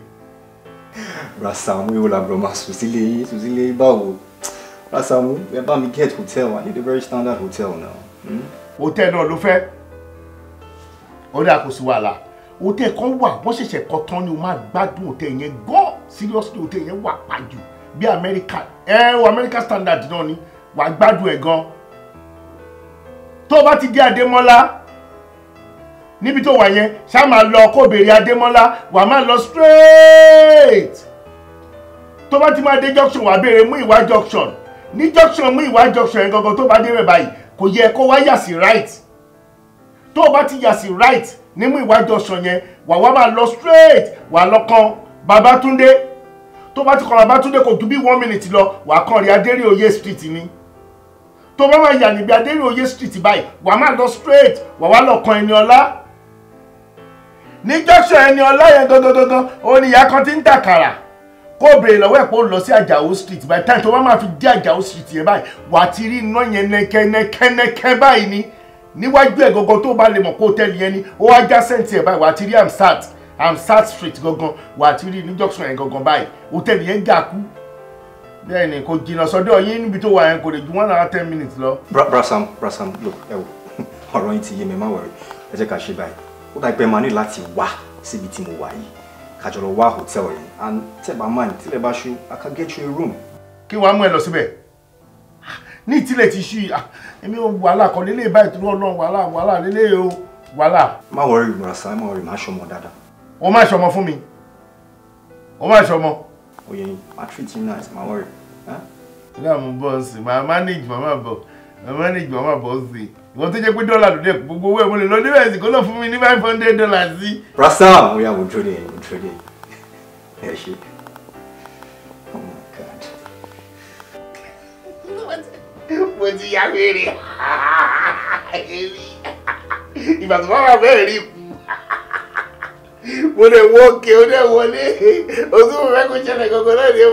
Rasamu yóò la broma sùn sílé yín sùn sílé báwo Rasamu ẹ bá mi get hotel I need a very standard hotel now. Hmm? hotel náà ló fẹ́ ó dà wàhálà hotel kan wà wọ́n ṣẹ̀ṣẹ̀ kọ́ tán ni o máa gbádùn hotel yẹn gan seriously hotel yẹn wà pàjù bí America ẹ wo America standard náà ni wà á gbádùn ẹ̀ gan tó o bá ti dé Adémọ́lá níbi tó wà yẹn ṣá máa lọ kó béèrè Adémọ́lá wà á máa lọ straight tó bá ti máa dé junction wà béèrè Múyìwá junction ní junction Múyìwá junction yẹn gangan tó bá dé rẹ̀ báyìí kò yẹ kó wá yà sí right tó o bá ti yà sí right ní Múyìwá junction yẹn wà wá máa lọ straight wà lọ kan Babátúndé tó bá ti kan Babátúndé kò ju bí one minute lọ wà kan rí Adéríoyè street ni tó bá máa yà níbi Adéríoyè street báyìí wà máa lọ straight wà wá lọ kan Ẹniọlá ní junction Ẹniọlá yẹn gangan gangan òun ni ìyá kan ti ń tàkàrà kó béèrè lọ́wọ́ ẹ̀ pé ó lọ sí àjàó street by time tó bá máa fi dé àjàó street yẹn báyìí wà á ti rí iná yẹn nẹkẹnẹkẹnẹkẹ báyìí ni níwájú ẹ̀ gangan tó bá lè mọ̀ kó hòtẹ́ẹ̀lì yẹn ni ó wá já sẹ́ǹtì ẹ̀ báyìí wà á ti rí amsat amsat street gangan wà á ti rí ní junction yẹn gangan báyìí hòtẹ́ẹ̀lì yẹn gà kú bẹ́ẹ̀ ni kò jìnnà sọ́dọ̀ yín níbi tó wà yẹn kò lè ju one hour ten minutes lọ. brasam brasam look ẹ wò ọ̀rọ̀ yín ti yé mi má wọ̀rẹ́ ẹ jẹ́ ká ṣe báyìí ó dà pé màá ní láti wá síbi tí mo wà yìí kàjọlọ wá hotel yìí and tẹ́bà mind tílẹ̀ bá ṣú I can get you a room. kí wàá mú ẹ lọ síbẹ̀ ní ìtílẹ̀ ti ṣú yìí ah, èmi ò wàhálà kan lélẹ̀ báyìí tó lọ́ọ́ wàhálà wàhálà lélẹ̀ o wàhálà. má wọrí ìmọ̀ràn sáà má wọrí má ṣọmọ dáadáa. o má ṣọmọ fún mi o má ṣọmọ. oye ma treat you nice ma worry. ilé àwọn bọ́ọ̀sì ma manage mama bọ̀ manage mama bọ́ọ̀sì ìwọ́n tó jẹ́ pé dọ́là ló dé gbogbo owó ẹ̀ mo lè lọ níbẹ̀ ẹ̀sìn kó lọ fún mi ní five hundred dollars sí. rasam ó yà wò jó ni ẹ̀yìn jó ni ẹ̀ ṣe. mo ti yá wèrè ìgbà tó bá wà bẹ́ẹ̀ rí ikú mo lè wọ òkè ó dẹ̀ wọlé oṣù mo fẹ́ kó ṣẹlẹ̀ kankan náà ni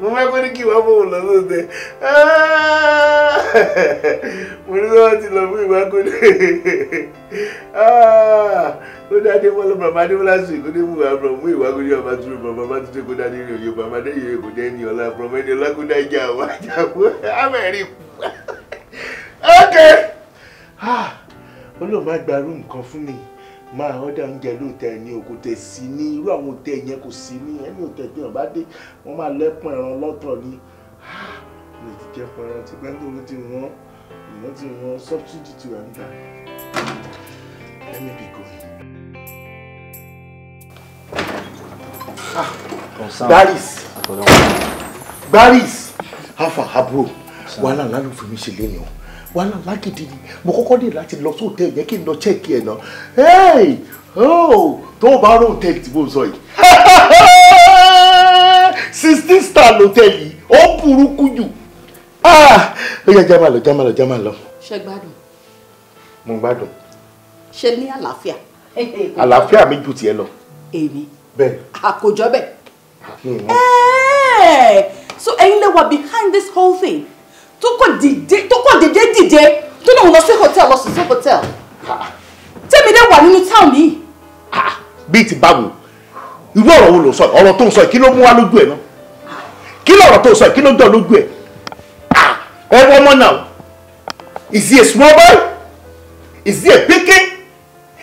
mo fẹ́ kó ní kí wọ́n fòun lọ sóde ah! mo ní wọ́n ti lọ fún ìwà kó ah! ní ó dá dé mọ́ lọ bàbá adémọ́lá sùn kó dé mú àbúrò mú ìwà kó ní ọba tó rò bàbá tó dé kó dá nílé òye bàbá dé yẹ kó dé ní ọlá àbúrò mẹ́ni ọlá kó dá ìjà àwọn àjàkú amẹ́rì ok olóò ah! má gba rúùmù kan fún mi máa hàn dà ń jẹ lóòótọ́ ni kò tẹ̀ sí ní irú àwọn òtẹ́ yẹn kò sí ní ẹni òtẹ́ tí wọ́n bá dé wọ́n máa lẹ́pọ̀n ẹran lọ́tọ̀ ni lè ah! ti jẹ́ pọ̀ ẹran ti pẹ́ nítorí ti wọ́n ìwọ́n ti wọ́n substitute ti wà gbà ẹni bí kò yìí. Baris afa aburo wàhálà lálùfẹ́ mi ṣe lé ni o wàhálà lágídí ni mo kọ́kọ́ dé láti lọ sóòtẹ́ yẹn kí n lọ chẹ́ẹ̀kì ẹ̀ náà hey oh tó o bá rò hòtẹ́ẹ̀lì tí mo sọ yìí sixteen star hòtẹ́ẹ̀lì ó burúkú jù ah! ó yẹ jáma lọ jáma lọ jáma lọ. ṣé gbádùn. mo gbádùn. ṣe ní àlàáfíà. àlàáfíà mi ju tiẹ̀ lọ. èmi. bẹ́ẹ̀. àkójọ bẹ́ẹ̀. so ẹ̀yin lè wà behind this whole thing tó kàn dìde tó kàn dìde dìde tó lòun lọ sí hòtẹ́ẹ̀lì lọ sùn sí hotel. tèmi dé wà nínú táwọn yìí. bíi ti báwo irú ọ̀rọ̀ wo ló sọ ọ̀rọ̀ tó ń sọ kí ló mú wá lójú ẹ̀ náà kí lọ̀rọ̀ tó ń sọ kí ló dọ̀ lójú ẹ̀ ẹ wọ́n mọ́ náà is he a small boy is he a pikin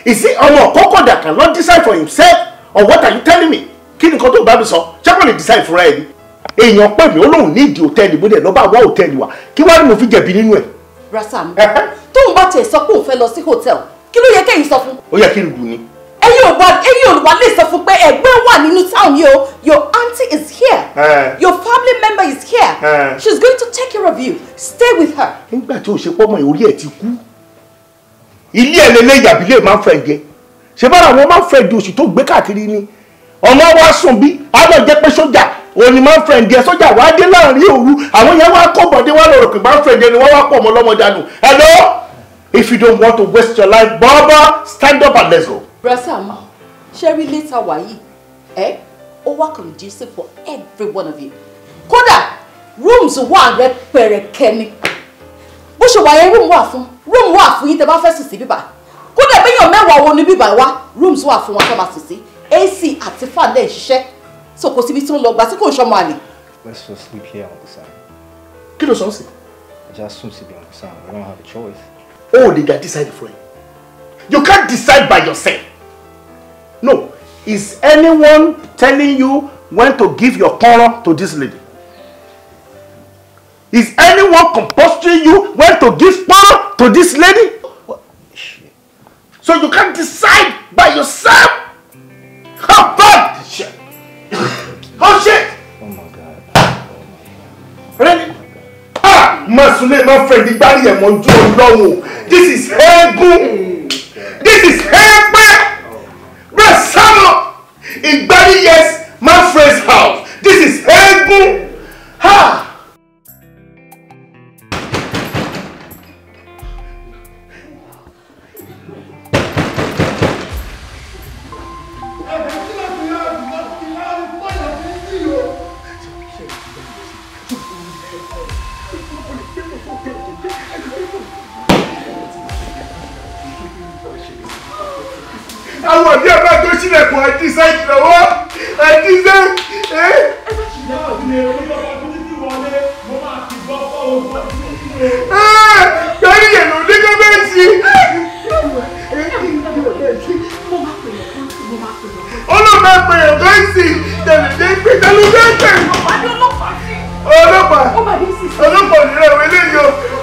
is he ọmọ kọ́kọ́ that cannot decide for himself or what are you telling me kí ni nǹkan tó bá mi sọ ṣé kò lè decide fúnra ẹ ni èèyàn pè mí ó lóun ní ìdí òtẹ́ẹ̀lì mo dẹ̀ lọ́ bá wá òtẹ́ẹ̀lì wa kí wàá ní mo fi jẹ̀bi nínú ẹ̀. Rasam tóun bá tiẹ̀ sọ pé òun fẹ́ lọ sí hòtẹ́ẹ̀lì kí ló yẹ kéyìn sọ fún. ó yẹ kí n dùn ni. ẹ̀yin ò wá ẹ̀yin olùwà lè sọ fún pé ẹgbẹ́ wà nínú town yìí o your aunty is here uh, your family member is here uh, is going to take care of you stay with her. nígbà tí o ṣe pọ́ mọ́ ẹ̀ orí ẹ̀ ti kú ilé ẹ̀ lélẹ́yìn àbílẹ̀ máa ń fẹ́ jẹ ṣe bára àwọn máa ń fẹ́ di oṣù tó gbé káàkiri ni ọmọ wa sùn bí àwọn jẹ́ pé sójà òní máa ń fẹ̀ ǹdí ẹ sọ́jà wá dé láàrin òru àwọn yẹn wá kọ́ bọ̀dé wá lọ́rọ̀ pé máa ń fẹ̀ ǹdí ẹni wọ́n wá pọ̀ ọmọ ọlọ́mọ dànù hello if you don't want to waste your life baba stand up and let's go. brasa ma ṣẹ́rí létà wáyé ẹ ó wá conducive for every one of you kódà rooms wà rẹ pẹ̀rẹ̀kẹ́ ni bó ṣe wáyé room wà fún room wà fún yín tẹ́ bá fẹ́ sùn sí bíbá kódà bẹ́yàn mẹ́wàá wo ni bíbá wá rooms wà fún wa tó máa sùn sí ac àti fan lè ṣiṣẹ́ so kò síbi tí ó lọ gbà tí kò ń ṣọmọ àlè. let's just sleep here uncle sam. kí ló sọ ń sè. i just soon see be the sam we don't have a choice. Oh, they lè decide for you. you can't decide by yourself no is anyone telling you when to give your kọ́rọ́ to this lady is anyone compulsing you when to give kọ́rọ́ to this lady. So you can't decide by yourself. How bad Oh shit! Oh my God. Ready? Ah! Masule my friend the body ẹ̀ mọ́ ojú ọlọ́run. This is hair boom. This is hair Ẹgbẹ́. up. sámọ̀. body yes, my friend's house. This is hair boom. Ha! Ah. àwọn ọ̀dí ọba tó ṣílẹ̀kùn àdìsẹ́ ìlọ́wọ́ àdìsẹ́. Gbẹ́rì yẹn ló dé gọ́mẹ̀ntì. Olùmọ̀ pè é gọ́ǹsì tẹ̀lé pé tẹ̀lé pé tẹ̀lé. Ọlọ́pàá ọlọ́pàá ọlọ́pàá òní rẹ̀ wọlé yìí o.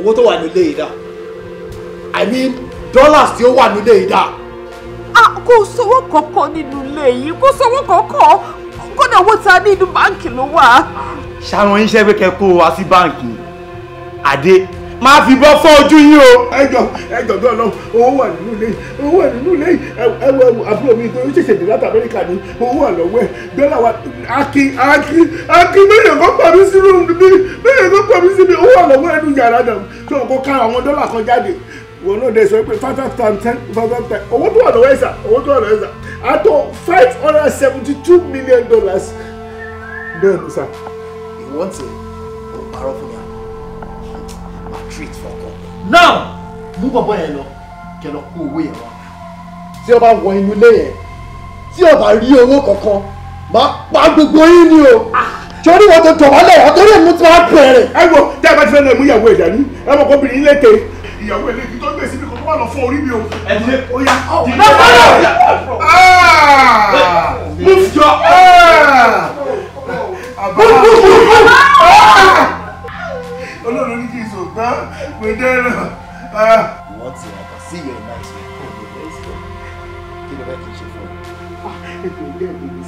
owó tó wà nílé yìí dà i mean dollars tí ó wà nílé yìí dà. a kò sówó kankan nínú ilé yìí kò sówó kankan kódà owó tá a ní inú báǹkì ló wà. ṣàrùn iṣẹ́ pé kẹ́kọ̀ọ́ wá sí báǹkì àdé máa fi bọ́ fọ́ ojú yín o. ẹjọ ẹjọ bí Ọlọ́run owó wà nínú ilé owó wà nínú ilé ẹwọ ẹwọ àbúrò mi tó ṣẹ̀ṣẹ̀ dé láti Amẹ́ríkà ni owó wà lọ́wọ́ ẹ dọ́là wa akin akin akin mẹ́rin kan looking around them tí wọn kó ká àwọn dọ́là kan jáde wọn náà dẹ̀ sọ pé five five ten five five owó tó wà lọ́wọ́ ẹ̀sà owó tó wà lọ́wọ́ ẹ̀sà àtọ̀ five hundred seventy two million dollars bẹ́ẹ̀ ni sà. ìwọ́n ti ò parọ́ fún mi à má treat fọkàn. now mú bọ̀bọ̀ yẹn lọ kẹ lọ kó owó yẹn wá tí ọba wọ inú ilé yẹn tí ọba rí owó kankan máa pa gbogbo yín ni o. Ah! torí wọn tó tọ̀ wọ́n lẹ̀ ọ̀tọ́rí èmi tí ẹ wo tí a bá ti fẹ́ lọ mú ìyàwó ẹ̀ dání ẹ mọ̀ kóbìnrin ilé ìyàwó ẹ̀ lẹ́kì tó ń gbèsè mi kò wọ́n lọ fọ orí mi o. ẹ ti lé oya ti lé move your olóòrùn ah! ah! ní kí n sọ gbọ́ pé dẹ́rọ. wọ́n ti yàtọ̀ sí ìyẹn náà ṣe kí ló fẹ́ kí n ṣe fún ọ. Ah! ètò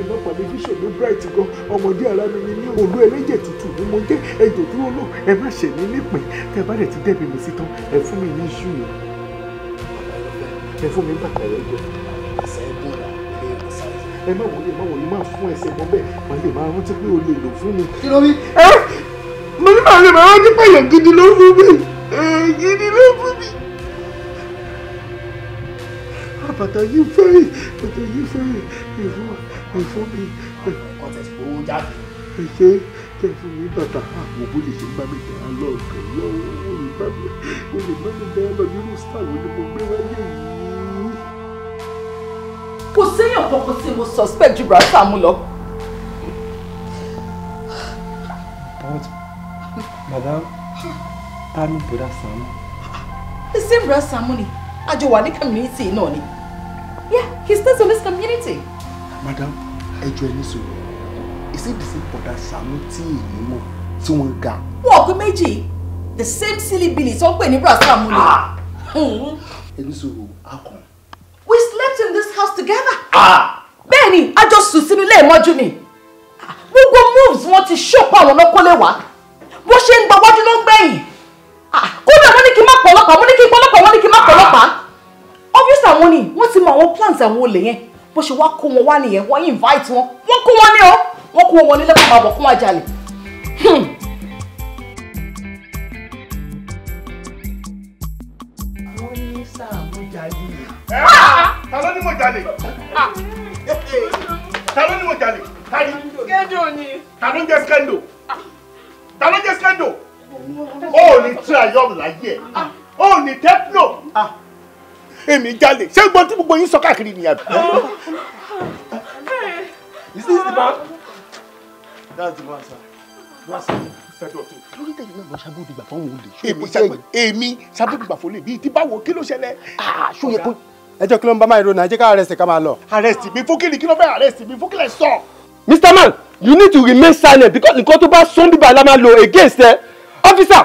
ìbá pàdé fíṣẹ̀ ló bright gan ọmọdé ara mi ni mí òru ẹlẹ́jẹ̀ tútù ni mo jẹ́ ẹjọ́ dúró lò ẹ má ṣẹ̀ mí nípìn tẹ bá dẹ̀ ti dẹ́bi mi sí tán ẹ fún mi ní iṣu yẹn ẹ fún mi bàtà rẹ jẹ ẹ má wòye má wòye má fún ẹsẹ̀ mọ́ bẹ́ẹ̀ má lè máa rántí pé o lè lò fún mi. kí ló rí. ẹ mo ní màá lè máa rántí pé èèyàn gidi ló fún mi èèyàn gidi ló fún mi bàtà yìí fẹ́rẹ̀ bàtà yìí fẹ́rẹ̀ ìfún wa ẹ fún mi. ọkọ tẹsí owó jáde. ẹ ṣe kẹ fún mi bàtà àwọn olè ṣe ń bá mi bẹ̀rẹ̀ lọ́ọ̀kan lọ́wọ́ olè bá mi olè bá mi bẹ̀rẹ̀ lọ nínú sáà wo ni mo gbé wáyé yìí. kò séèyàn kankan tí mo suspect ju brasa mu lọ. but madam ta ni bùrà sàmú. the same bùrà sàmú ni àjọ wà ní community náà ni. yeah he stays in this community. madam ẹjọ́ ẹni sọ̀rọ̀ is it the same bọ̀dá Sàámú tí èyí mọ̀ tí wọ́n ga. wọ́n pé méjì the same silly billy tó ń pè ní brazil amúlé. Ah! Hmm. ẹni sọ̀rọ̀ akàn. we slept in this house together. Ah! bẹ́ẹ̀ ni a jọ sùn sínú ilé ìmọ́jú ni gbogbo moves wọn ti ṣòpọ̀ àwọn ọlọ́kọ́lẹ̀ wá bó ṣe ń gba wájú ló ń gbẹ̀yìn ah! kódà wọ́n ní kí n má pọ̀ ọlọ́pàá wọ́n ní kí n pọ̀ ọlọ́pàá wọ́n má pọ̀ ọlọ́pàá obvious àwọn ni wọ́n ti mọ àwọn plans àwọn olè yẹn bó ṣe wá kó wọn wá nìyẹn wọ́n invite wọn wọ́n kó wọn ní o wọ́n kó wọn wọlé lẹ́kọ̀ọ́ máa bọ̀ fún àjálẹ̀. wọ́n ní sáà mo jalè. ta ló ní mo ta ló ní mo jalè? Ah! kẹ́ńdò ni. ta ló ń jẹ́ kẹ́ńdò? Ah! ta ló ń jẹ́ kẹ́ńdò? o ò ah! ní tíra yọ̀ọ̀mù láyé ẹ̀ o ò ní tẹ́pùlò èmi jalè ṣé gbọ́n tí gbogbo yín sọ káàkiri nìyà. Oh. Is this the man? That's the man, sir. That's the man lórí tẹ̀yìn náà lọ sábòdì gbà fún òun lè ṣó èmi sẹ́yìn èmi sábòdì gbà fún lè bíi ti báwo kí ló ṣẹlẹ̀. Ah, ṣó yẹ kó. ẹjọ́ kí ló ń bá máa ro nàìjíríà ká arrest ká máa lọ. arrest mi fún kíni kí ló fẹ́ arrest mi fún kílẹ̀ sọ. Mr. Man you need to remain silent because nǹkan tó bá sọ́ńdìbà la máa lo against ẹ officer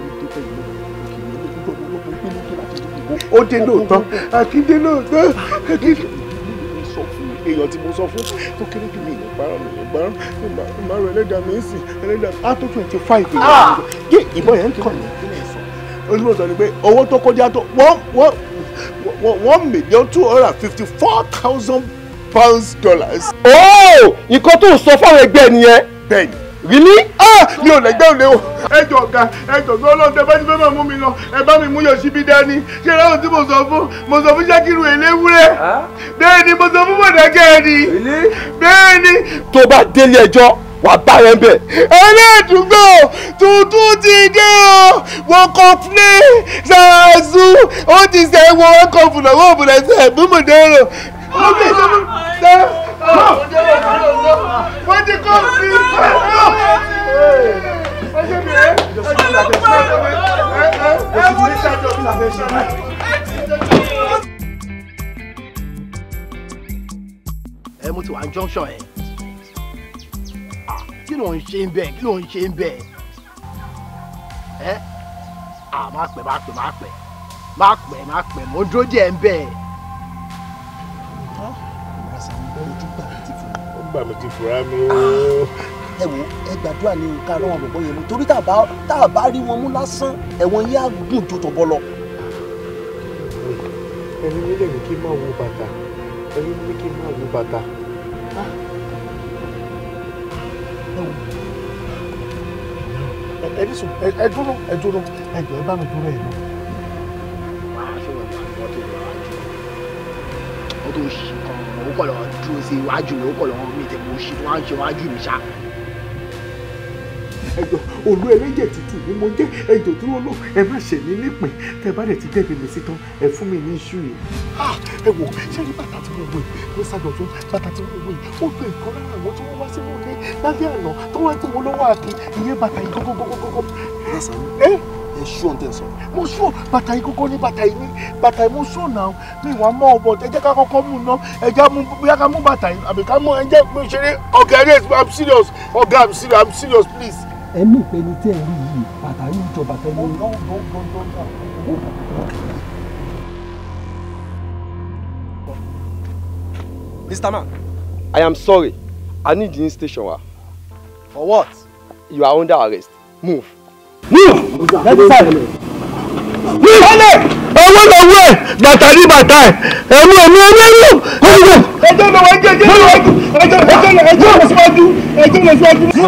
ó dé lóòótọ́ àkíndé lóòótọ́ àkíndé èèyàn tí mo sọ fún tó kéré jù mí ìgbàrán mi ìgbàrán mi máa rọ ẹlẹ́dàá mi ń sìn ẹlẹ́dàá mi á tó twenty five ìgbàrán ah! ìbọn yẹn ń kàn mí olúmọ̀ sọ ni pé owó tó kọjá tó one million two hundred and fifty four thousand pounds dollars. ooo oh! nǹkan tó ń sọ fáwọn ẹgbẹ́ nìyẹn. bẹ́ẹ̀ni Really? Ah, mi ò lẹ́gbẹ́ òde o. Ẹ jọ ọ̀gá, ẹ jọ ọ̀gá ọlọ́dẹ bá ti fẹ́ máa mú mi lọ, ẹ bá mi mú Yọ̀ṣíbí dání. Ṣé láwọn tí mo sọ fún mo sọ fún Ṣákìrù Eléwúrẹ́? Bẹ́ẹ̀ ni mo sọ fún Bọ̀dákẹ́ ni. Bẹ́ẹ̀ ni. Tó bá délé ẹjọ́, wàá bá rẹ̀ ń bẹ̀. Ẹlẹ́dùúgbò tuntun ti dé o, wọ́n kọ́ pílé ṣáàzú, ó ti ṣẹ́wọ́ ọkọ̀ fùnà wọ́n fùnà ṣẹ́ẹ̀ wọ́n ẹ mo ti wà ní junction ẹ kí ló ń ṣe ń bẹ kí ló ń ṣe ń bẹ ẹ à má pẹ́ má pẹ́ má pẹ́ má pẹ́ má mo dúró díẹ̀ ń bẹ ojú gbà mí ti fura. ó gbà mí ti fura mi o. Ah, ẹ wo ẹ gbàdúrà ní nǹkan àwọn àbọ̀bọ̀ yẹn mú torí tá a bá rí wọn mú lásán ẹ̀wọ̀n yẹn á gùn tó tọ̀bọ̀ lọ. Ah, ẹni nílẹ̀ ní kí n máa wo bàtà ẹni ní kí n máa wo bàtà. Ah. ẹ dúró ẹ dúró ẹ jọ ẹ bá mi dúró ẹ lọ. wàá ṣe wà ní àwọn tó lọ nǹkan tó ṣe kan ó kọ̀ lọ dúró sí iwájú mi ó kọ̀ lọ mi tẹ̀ mo ṣe tó ṣe iwájú mi ṣá. ẹjọ olú ẹlẹ́jẹ̀ tútù ni mo jẹ́ ẹjọ dúró lọ ẹ má ṣe mí nípìn tẹ bá dẹ̀ ti dẹ́bi mi sí tán ẹ fún mi ní iṣu yìí. ẹ wò ṣé ní bàtà tí mo wò yìí ló ṣàjọ fún bàtà tí mo wò yìí ó gbé nǹkan lára àwọn tí wọ́n wá sínú ilé lálẹ́ àná tó wá ń tẹ̀wọ́ lọ́wọ́ àti ìyẹn bàtà yìí gógógógógógó ẹ ṣú ọ̀n tẹ̀ sọ. mo ṣú bàtà yìí kókó ní bàtà yìí ní bàtà yìí mo ṣú náà mi wàá mọ ọbọ ẹ jẹ́ ká kọ́kọ́ mú ná ẹ jẹ́ mú bóyá ká mú bàtà yìí àbí ká mú ẹ jẹ́ pé ṣeré ọ̀gá ẹ̀ i'm serious ọ̀gá i'm serious i'm serious please. ẹ ní ìpè ní ẹ rí yìí bàtà yìí jọ bàtà yìí. Oh, Mr. Man, I am sorry. I need the station wa. For what? You are under arrest. Move ní ìfọ́lẹ̀ owó lọ́wọ́ ẹ̀ bàtà ní bàtà ẹ̀ ẹ̀mú ẹ̀mú ẹ̀mú ẹ̀mú ẹ̀mú. ẹjọ́ lọ wá jẹ́ ẹjọ́ lọ ẹjọ́ lọ ẹjọ́ lọ síwájú ẹjọ́ lọ síwájú. ẹ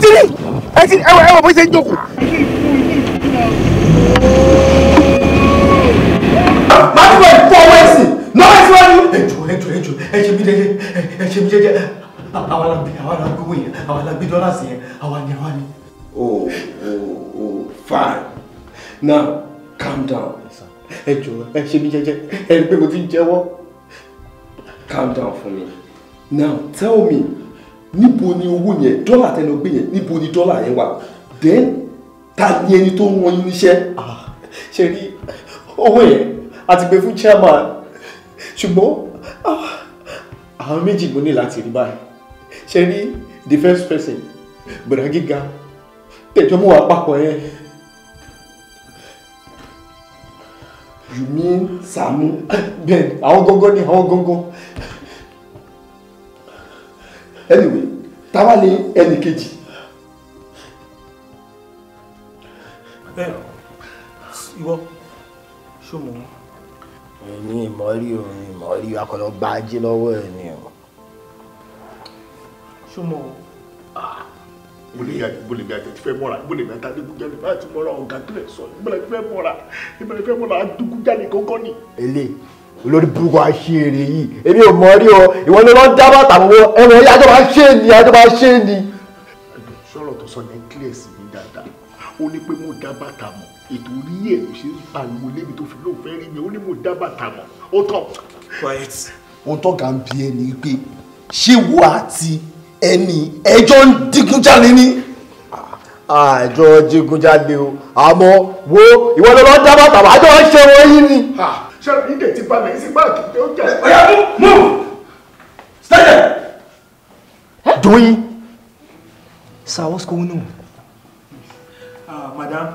ti rí ẹ ti ẹwà ẹwà bó ṣe ń jókòó. màtúwẹ̀ fọ owó ẹ̀sìn lọ́wọ́ síwájú. ẹjọ ẹjọ ẹjọ ẹ ṣe mí jẹ́jẹ́ ẹ ṣe mí jẹ́jẹ́ àwa la gbé àwa la gbé wọ̀nyẹn àwa la gbé dọ́là sí yẹn àwa ni àwa ni. Oh, oh, oh, fine. Now, calm down. Ẹ jọ̀ọ́, ẹ ṣe mí Hey, ẹ rí pé mo ti Calm down for me. Now, tell me, níbo ni owó yẹn, dọ́là tẹnu gbé yẹn, níbo ni dọ́là yẹn wà? Then, ta ni ẹni ni ń wọn yín níṣẹ́? Ah. Ṣé rí owó yẹn àti pé fún chairman? Ṣùgbọ́n, ah, àwọn méjì mo ni láti rí báyìí. Ṣé the first person, But Bọ̀dá Gíga tẹ̀jọ́ mọ́ wa papọ̀ yẹn. you mean Sàámú bẹ́ẹ̀ àwọn gángan ni àwọn gángan. anyway táwa ni ẹnì kejì. ẹ ìwọ ṣó mọ wọn. èmi ìmọ̀rí o ìmọ̀rí akọ̀lọ́ gbájí lọ́wọ́ ẹ̀ ni o. ṣó mọ bólegbé àti fẹ́ mọ́ra bólegbé yìí èmi ò mọ rí o ìwọ ni wọn dá bàtà wọ ẹnu ẹyà tó ṣe ni ẹyà ṣe ni. sọ̀rọ̀ tó sọ ní mi dáadáa ó ní pé mo dá bàtà mọ̀ ètò orí ẹ̀ ló ṣe ń pariwo lébi tó fi lóò fẹ́ rí mi ó ní mo dá bàtà mọ̀ ó tọ̀. ohun tó ga ń bi ẹni pé ṣé wo àti ẹni ẹjọ́ ń digunjalè ni. àjọ digunjalè o àmọ́ wo ìwọ ló lọ dá bàtà àjọ ṣe wọ̀nyí ni. ṣọlá yìí dẹ̀ ti balẹ̀ yìí sí báàgì tó jẹ́. ọ̀yà mú mú stẹ́lẹ̀. doyin sir what's going on. Uh, madam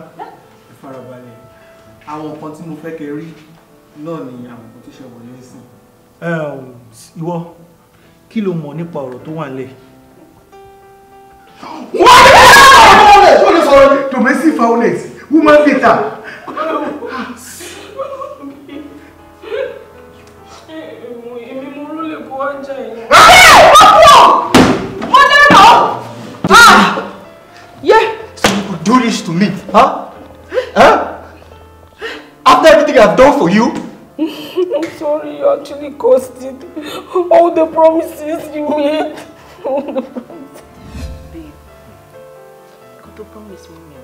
ìfarabalẹ̀ àwọn nǹkan tí mo fẹ́ kẹ́ rí náà ni àwọn nǹkan tó ṣe wọ̀nyí sí. ìwọ kí ló mọ̀ nípa ọ̀rọ̀ tó wà nílẹ̀. What? ti fi sọ̀rọ̀ violence ó lè sọ̀rọ̀ ní domestic violence woman data. èmi mo ló lè kó oúnjẹ yẹn. ẹ wọ́n do this to me. Huh? Huh? After everything I've done for you. I'm sorry, you actually costed All the promises you made. promise me me.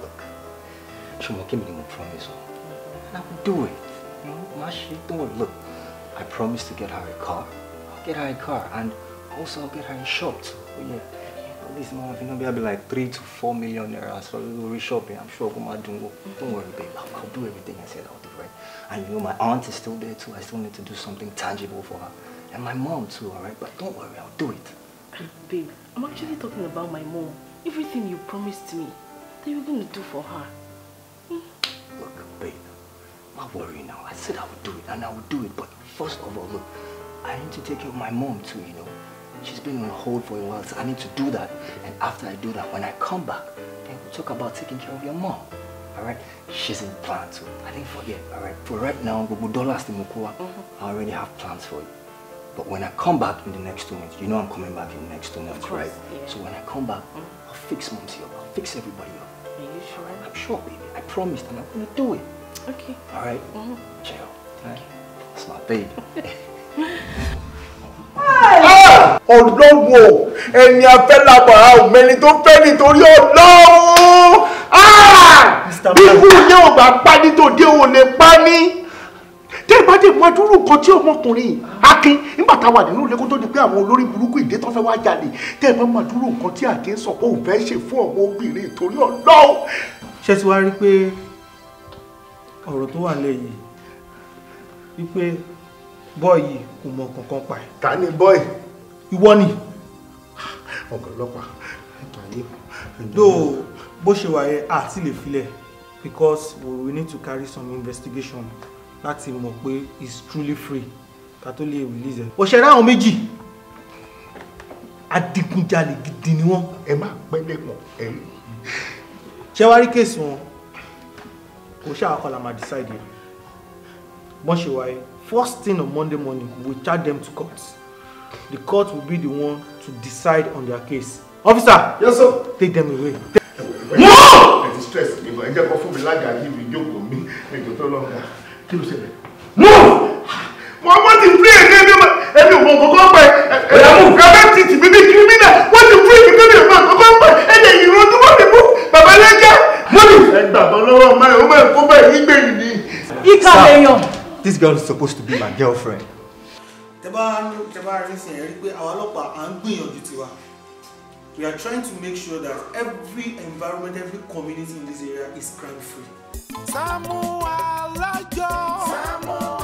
Look, Chumoke me will promise And I will do it. You know, my don't worry. Look, I promise to get her a car. I'll get her a car and also I'll get her a shop too. yeah. At least man, I think I'll be like three to four million euros for a little shopping. I'm sure I'll do Don't worry, babe. I'll, I'll do everything I said I'll do, right? And you know, my aunt is still there too. I still need to do something tangible for her. And my mom too, alright? But don't worry, I'll do it. Babe, I'm actually talking about my mom. Everything you promised me that you're going to do for her. Mm. Look, babe, not worry now. I said I would do it and I would do it. But first of all, look, I need to take care of my mom too, you know. She's been on hold for a while, so I need to do that. And after I do that, when I come back, then we'll talk about taking care of your mom. Alright? She's in plan too. I didn't forget. Alright? For right now, Gugu Dollars the Mukua, mm-hmm. I already have plans for you. But when I come back in the next two months, you know I'm coming back in the next two months, course, right? Yeah. So when I come back, mm I'll fix Mumsy up. I'll fix everybody up. Are you sure? I'm sure, baby. I promised and I'm gonna do it. Okay. All right? Mm -hmm. Chill. All right? That's my baby. Ah! ọlọ́wọ́ ẹni afẹ́lábàá ọ̀mẹ́ni tó fẹ́ nítorí ọlọ́run bíbú ní ọba pa nítorí òun lè pa ní tẹ́gbàdé mọ́dúrú kan tí ọmọkùnrin yìí akin nígbà tá a wà nínú ilé kó tó di pé àwọn olórí burúkú ìdè tó fẹ́ wá jalè tẹ́ ẹ bá máa dúró nǹkan tí akin sọ pé òun fẹ́ ṣe fún ọmọ obìnrin torí ọlọ́ọ̀. ṣé ti wá rí pé ọ̀rọ̀ tó wà lẹ́yìn wípé bọ́ọ̀yì kò mọ kankan pa ẹ̀. ta ni bọ́ọ̀yì. ìwọ ni. ọ̀gá ọlọ́pàá ẹ̀tọ́ ayé. do bó ṣe wà yẹn a lè filẹ̀ because we need to carry some investigation láti mọ̀ pé he's truly free ká tó lè release ẹ̀. òṣèré àwọn méjì adigunjalè gidi ni wọ́n. ẹ má pẹ́ lẹ́kọ̀ọ́ ẹ. ṣé wàá rí kéèsì wọn kò ṣáà kọ́ la máa decide yẹn bọ́n ṣe wáyé first thing on Monday morning we will charge them to court the court will be the one to decide on their case officer yes, sir. take them away. no. ẹ ti stress mi gan ẹ jẹ́ kó fún mi lága yìí mi jókòó mi mi kò tó lọ́ga kí ló ṣẹlẹ̀. no wọ́n ti fún èmi èmi mọ̀ èmi ò mọ̀ kọ́kọ́ pẹ̀ ẹ̀yàwó kàwé ti tì What you kírímínà wọ́n ti fún go èmi mọ̀ kọ́kọ́ pẹ̀ ẹ̀yẹ ìrún tí wọ́n ti fún bàbá lẹ́jẹ́ mọ́lù. ẹ gbàgbọ́ lọ́wọ́ ọmọ ẹ̀ ọmọ ẹ̀ kó bẹ́ẹ̀ nígbè ní. ìka lèèyàn. This girl is supposed to be my girlfriend. tẹ́bá tẹ́bá rí sí ẹ̀rí Our àwọn ọlọ́pàá à ń duty. We are trying to make sure that every environment, every community in this area is crime free. I Alajo. you. Alajo.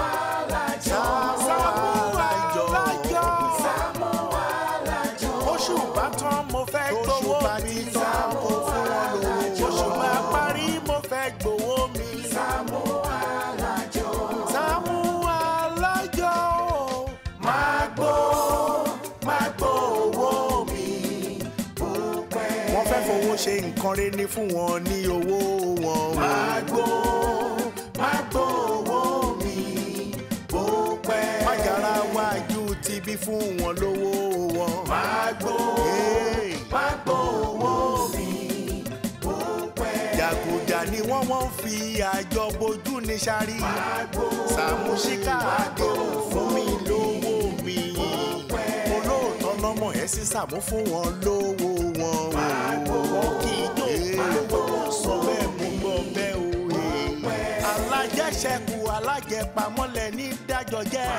kọrin ní fún wọn ní owó wọn. Magbo, magbo owó mi, bó pẹ́. Májàra wájú ti bí fún wọn lówó wọn. Magbo, magbo owó mi, bó pẹ́. Jàgùjà ni wọ́n wọ́n fi àjọ bojú ní sáré. Magbo, magbo owó mi, mi. bẹ̀rẹ̀ sí sàmú fún wọn lówó wọn o. wọ́n kì í jó pariwo sọ bẹ́ẹ̀ mú gbọ́ bẹ́ẹ̀ o. alájẹṣẹ́kù alájẹpamọ́lẹ̀ ní dájọ́ jẹ́.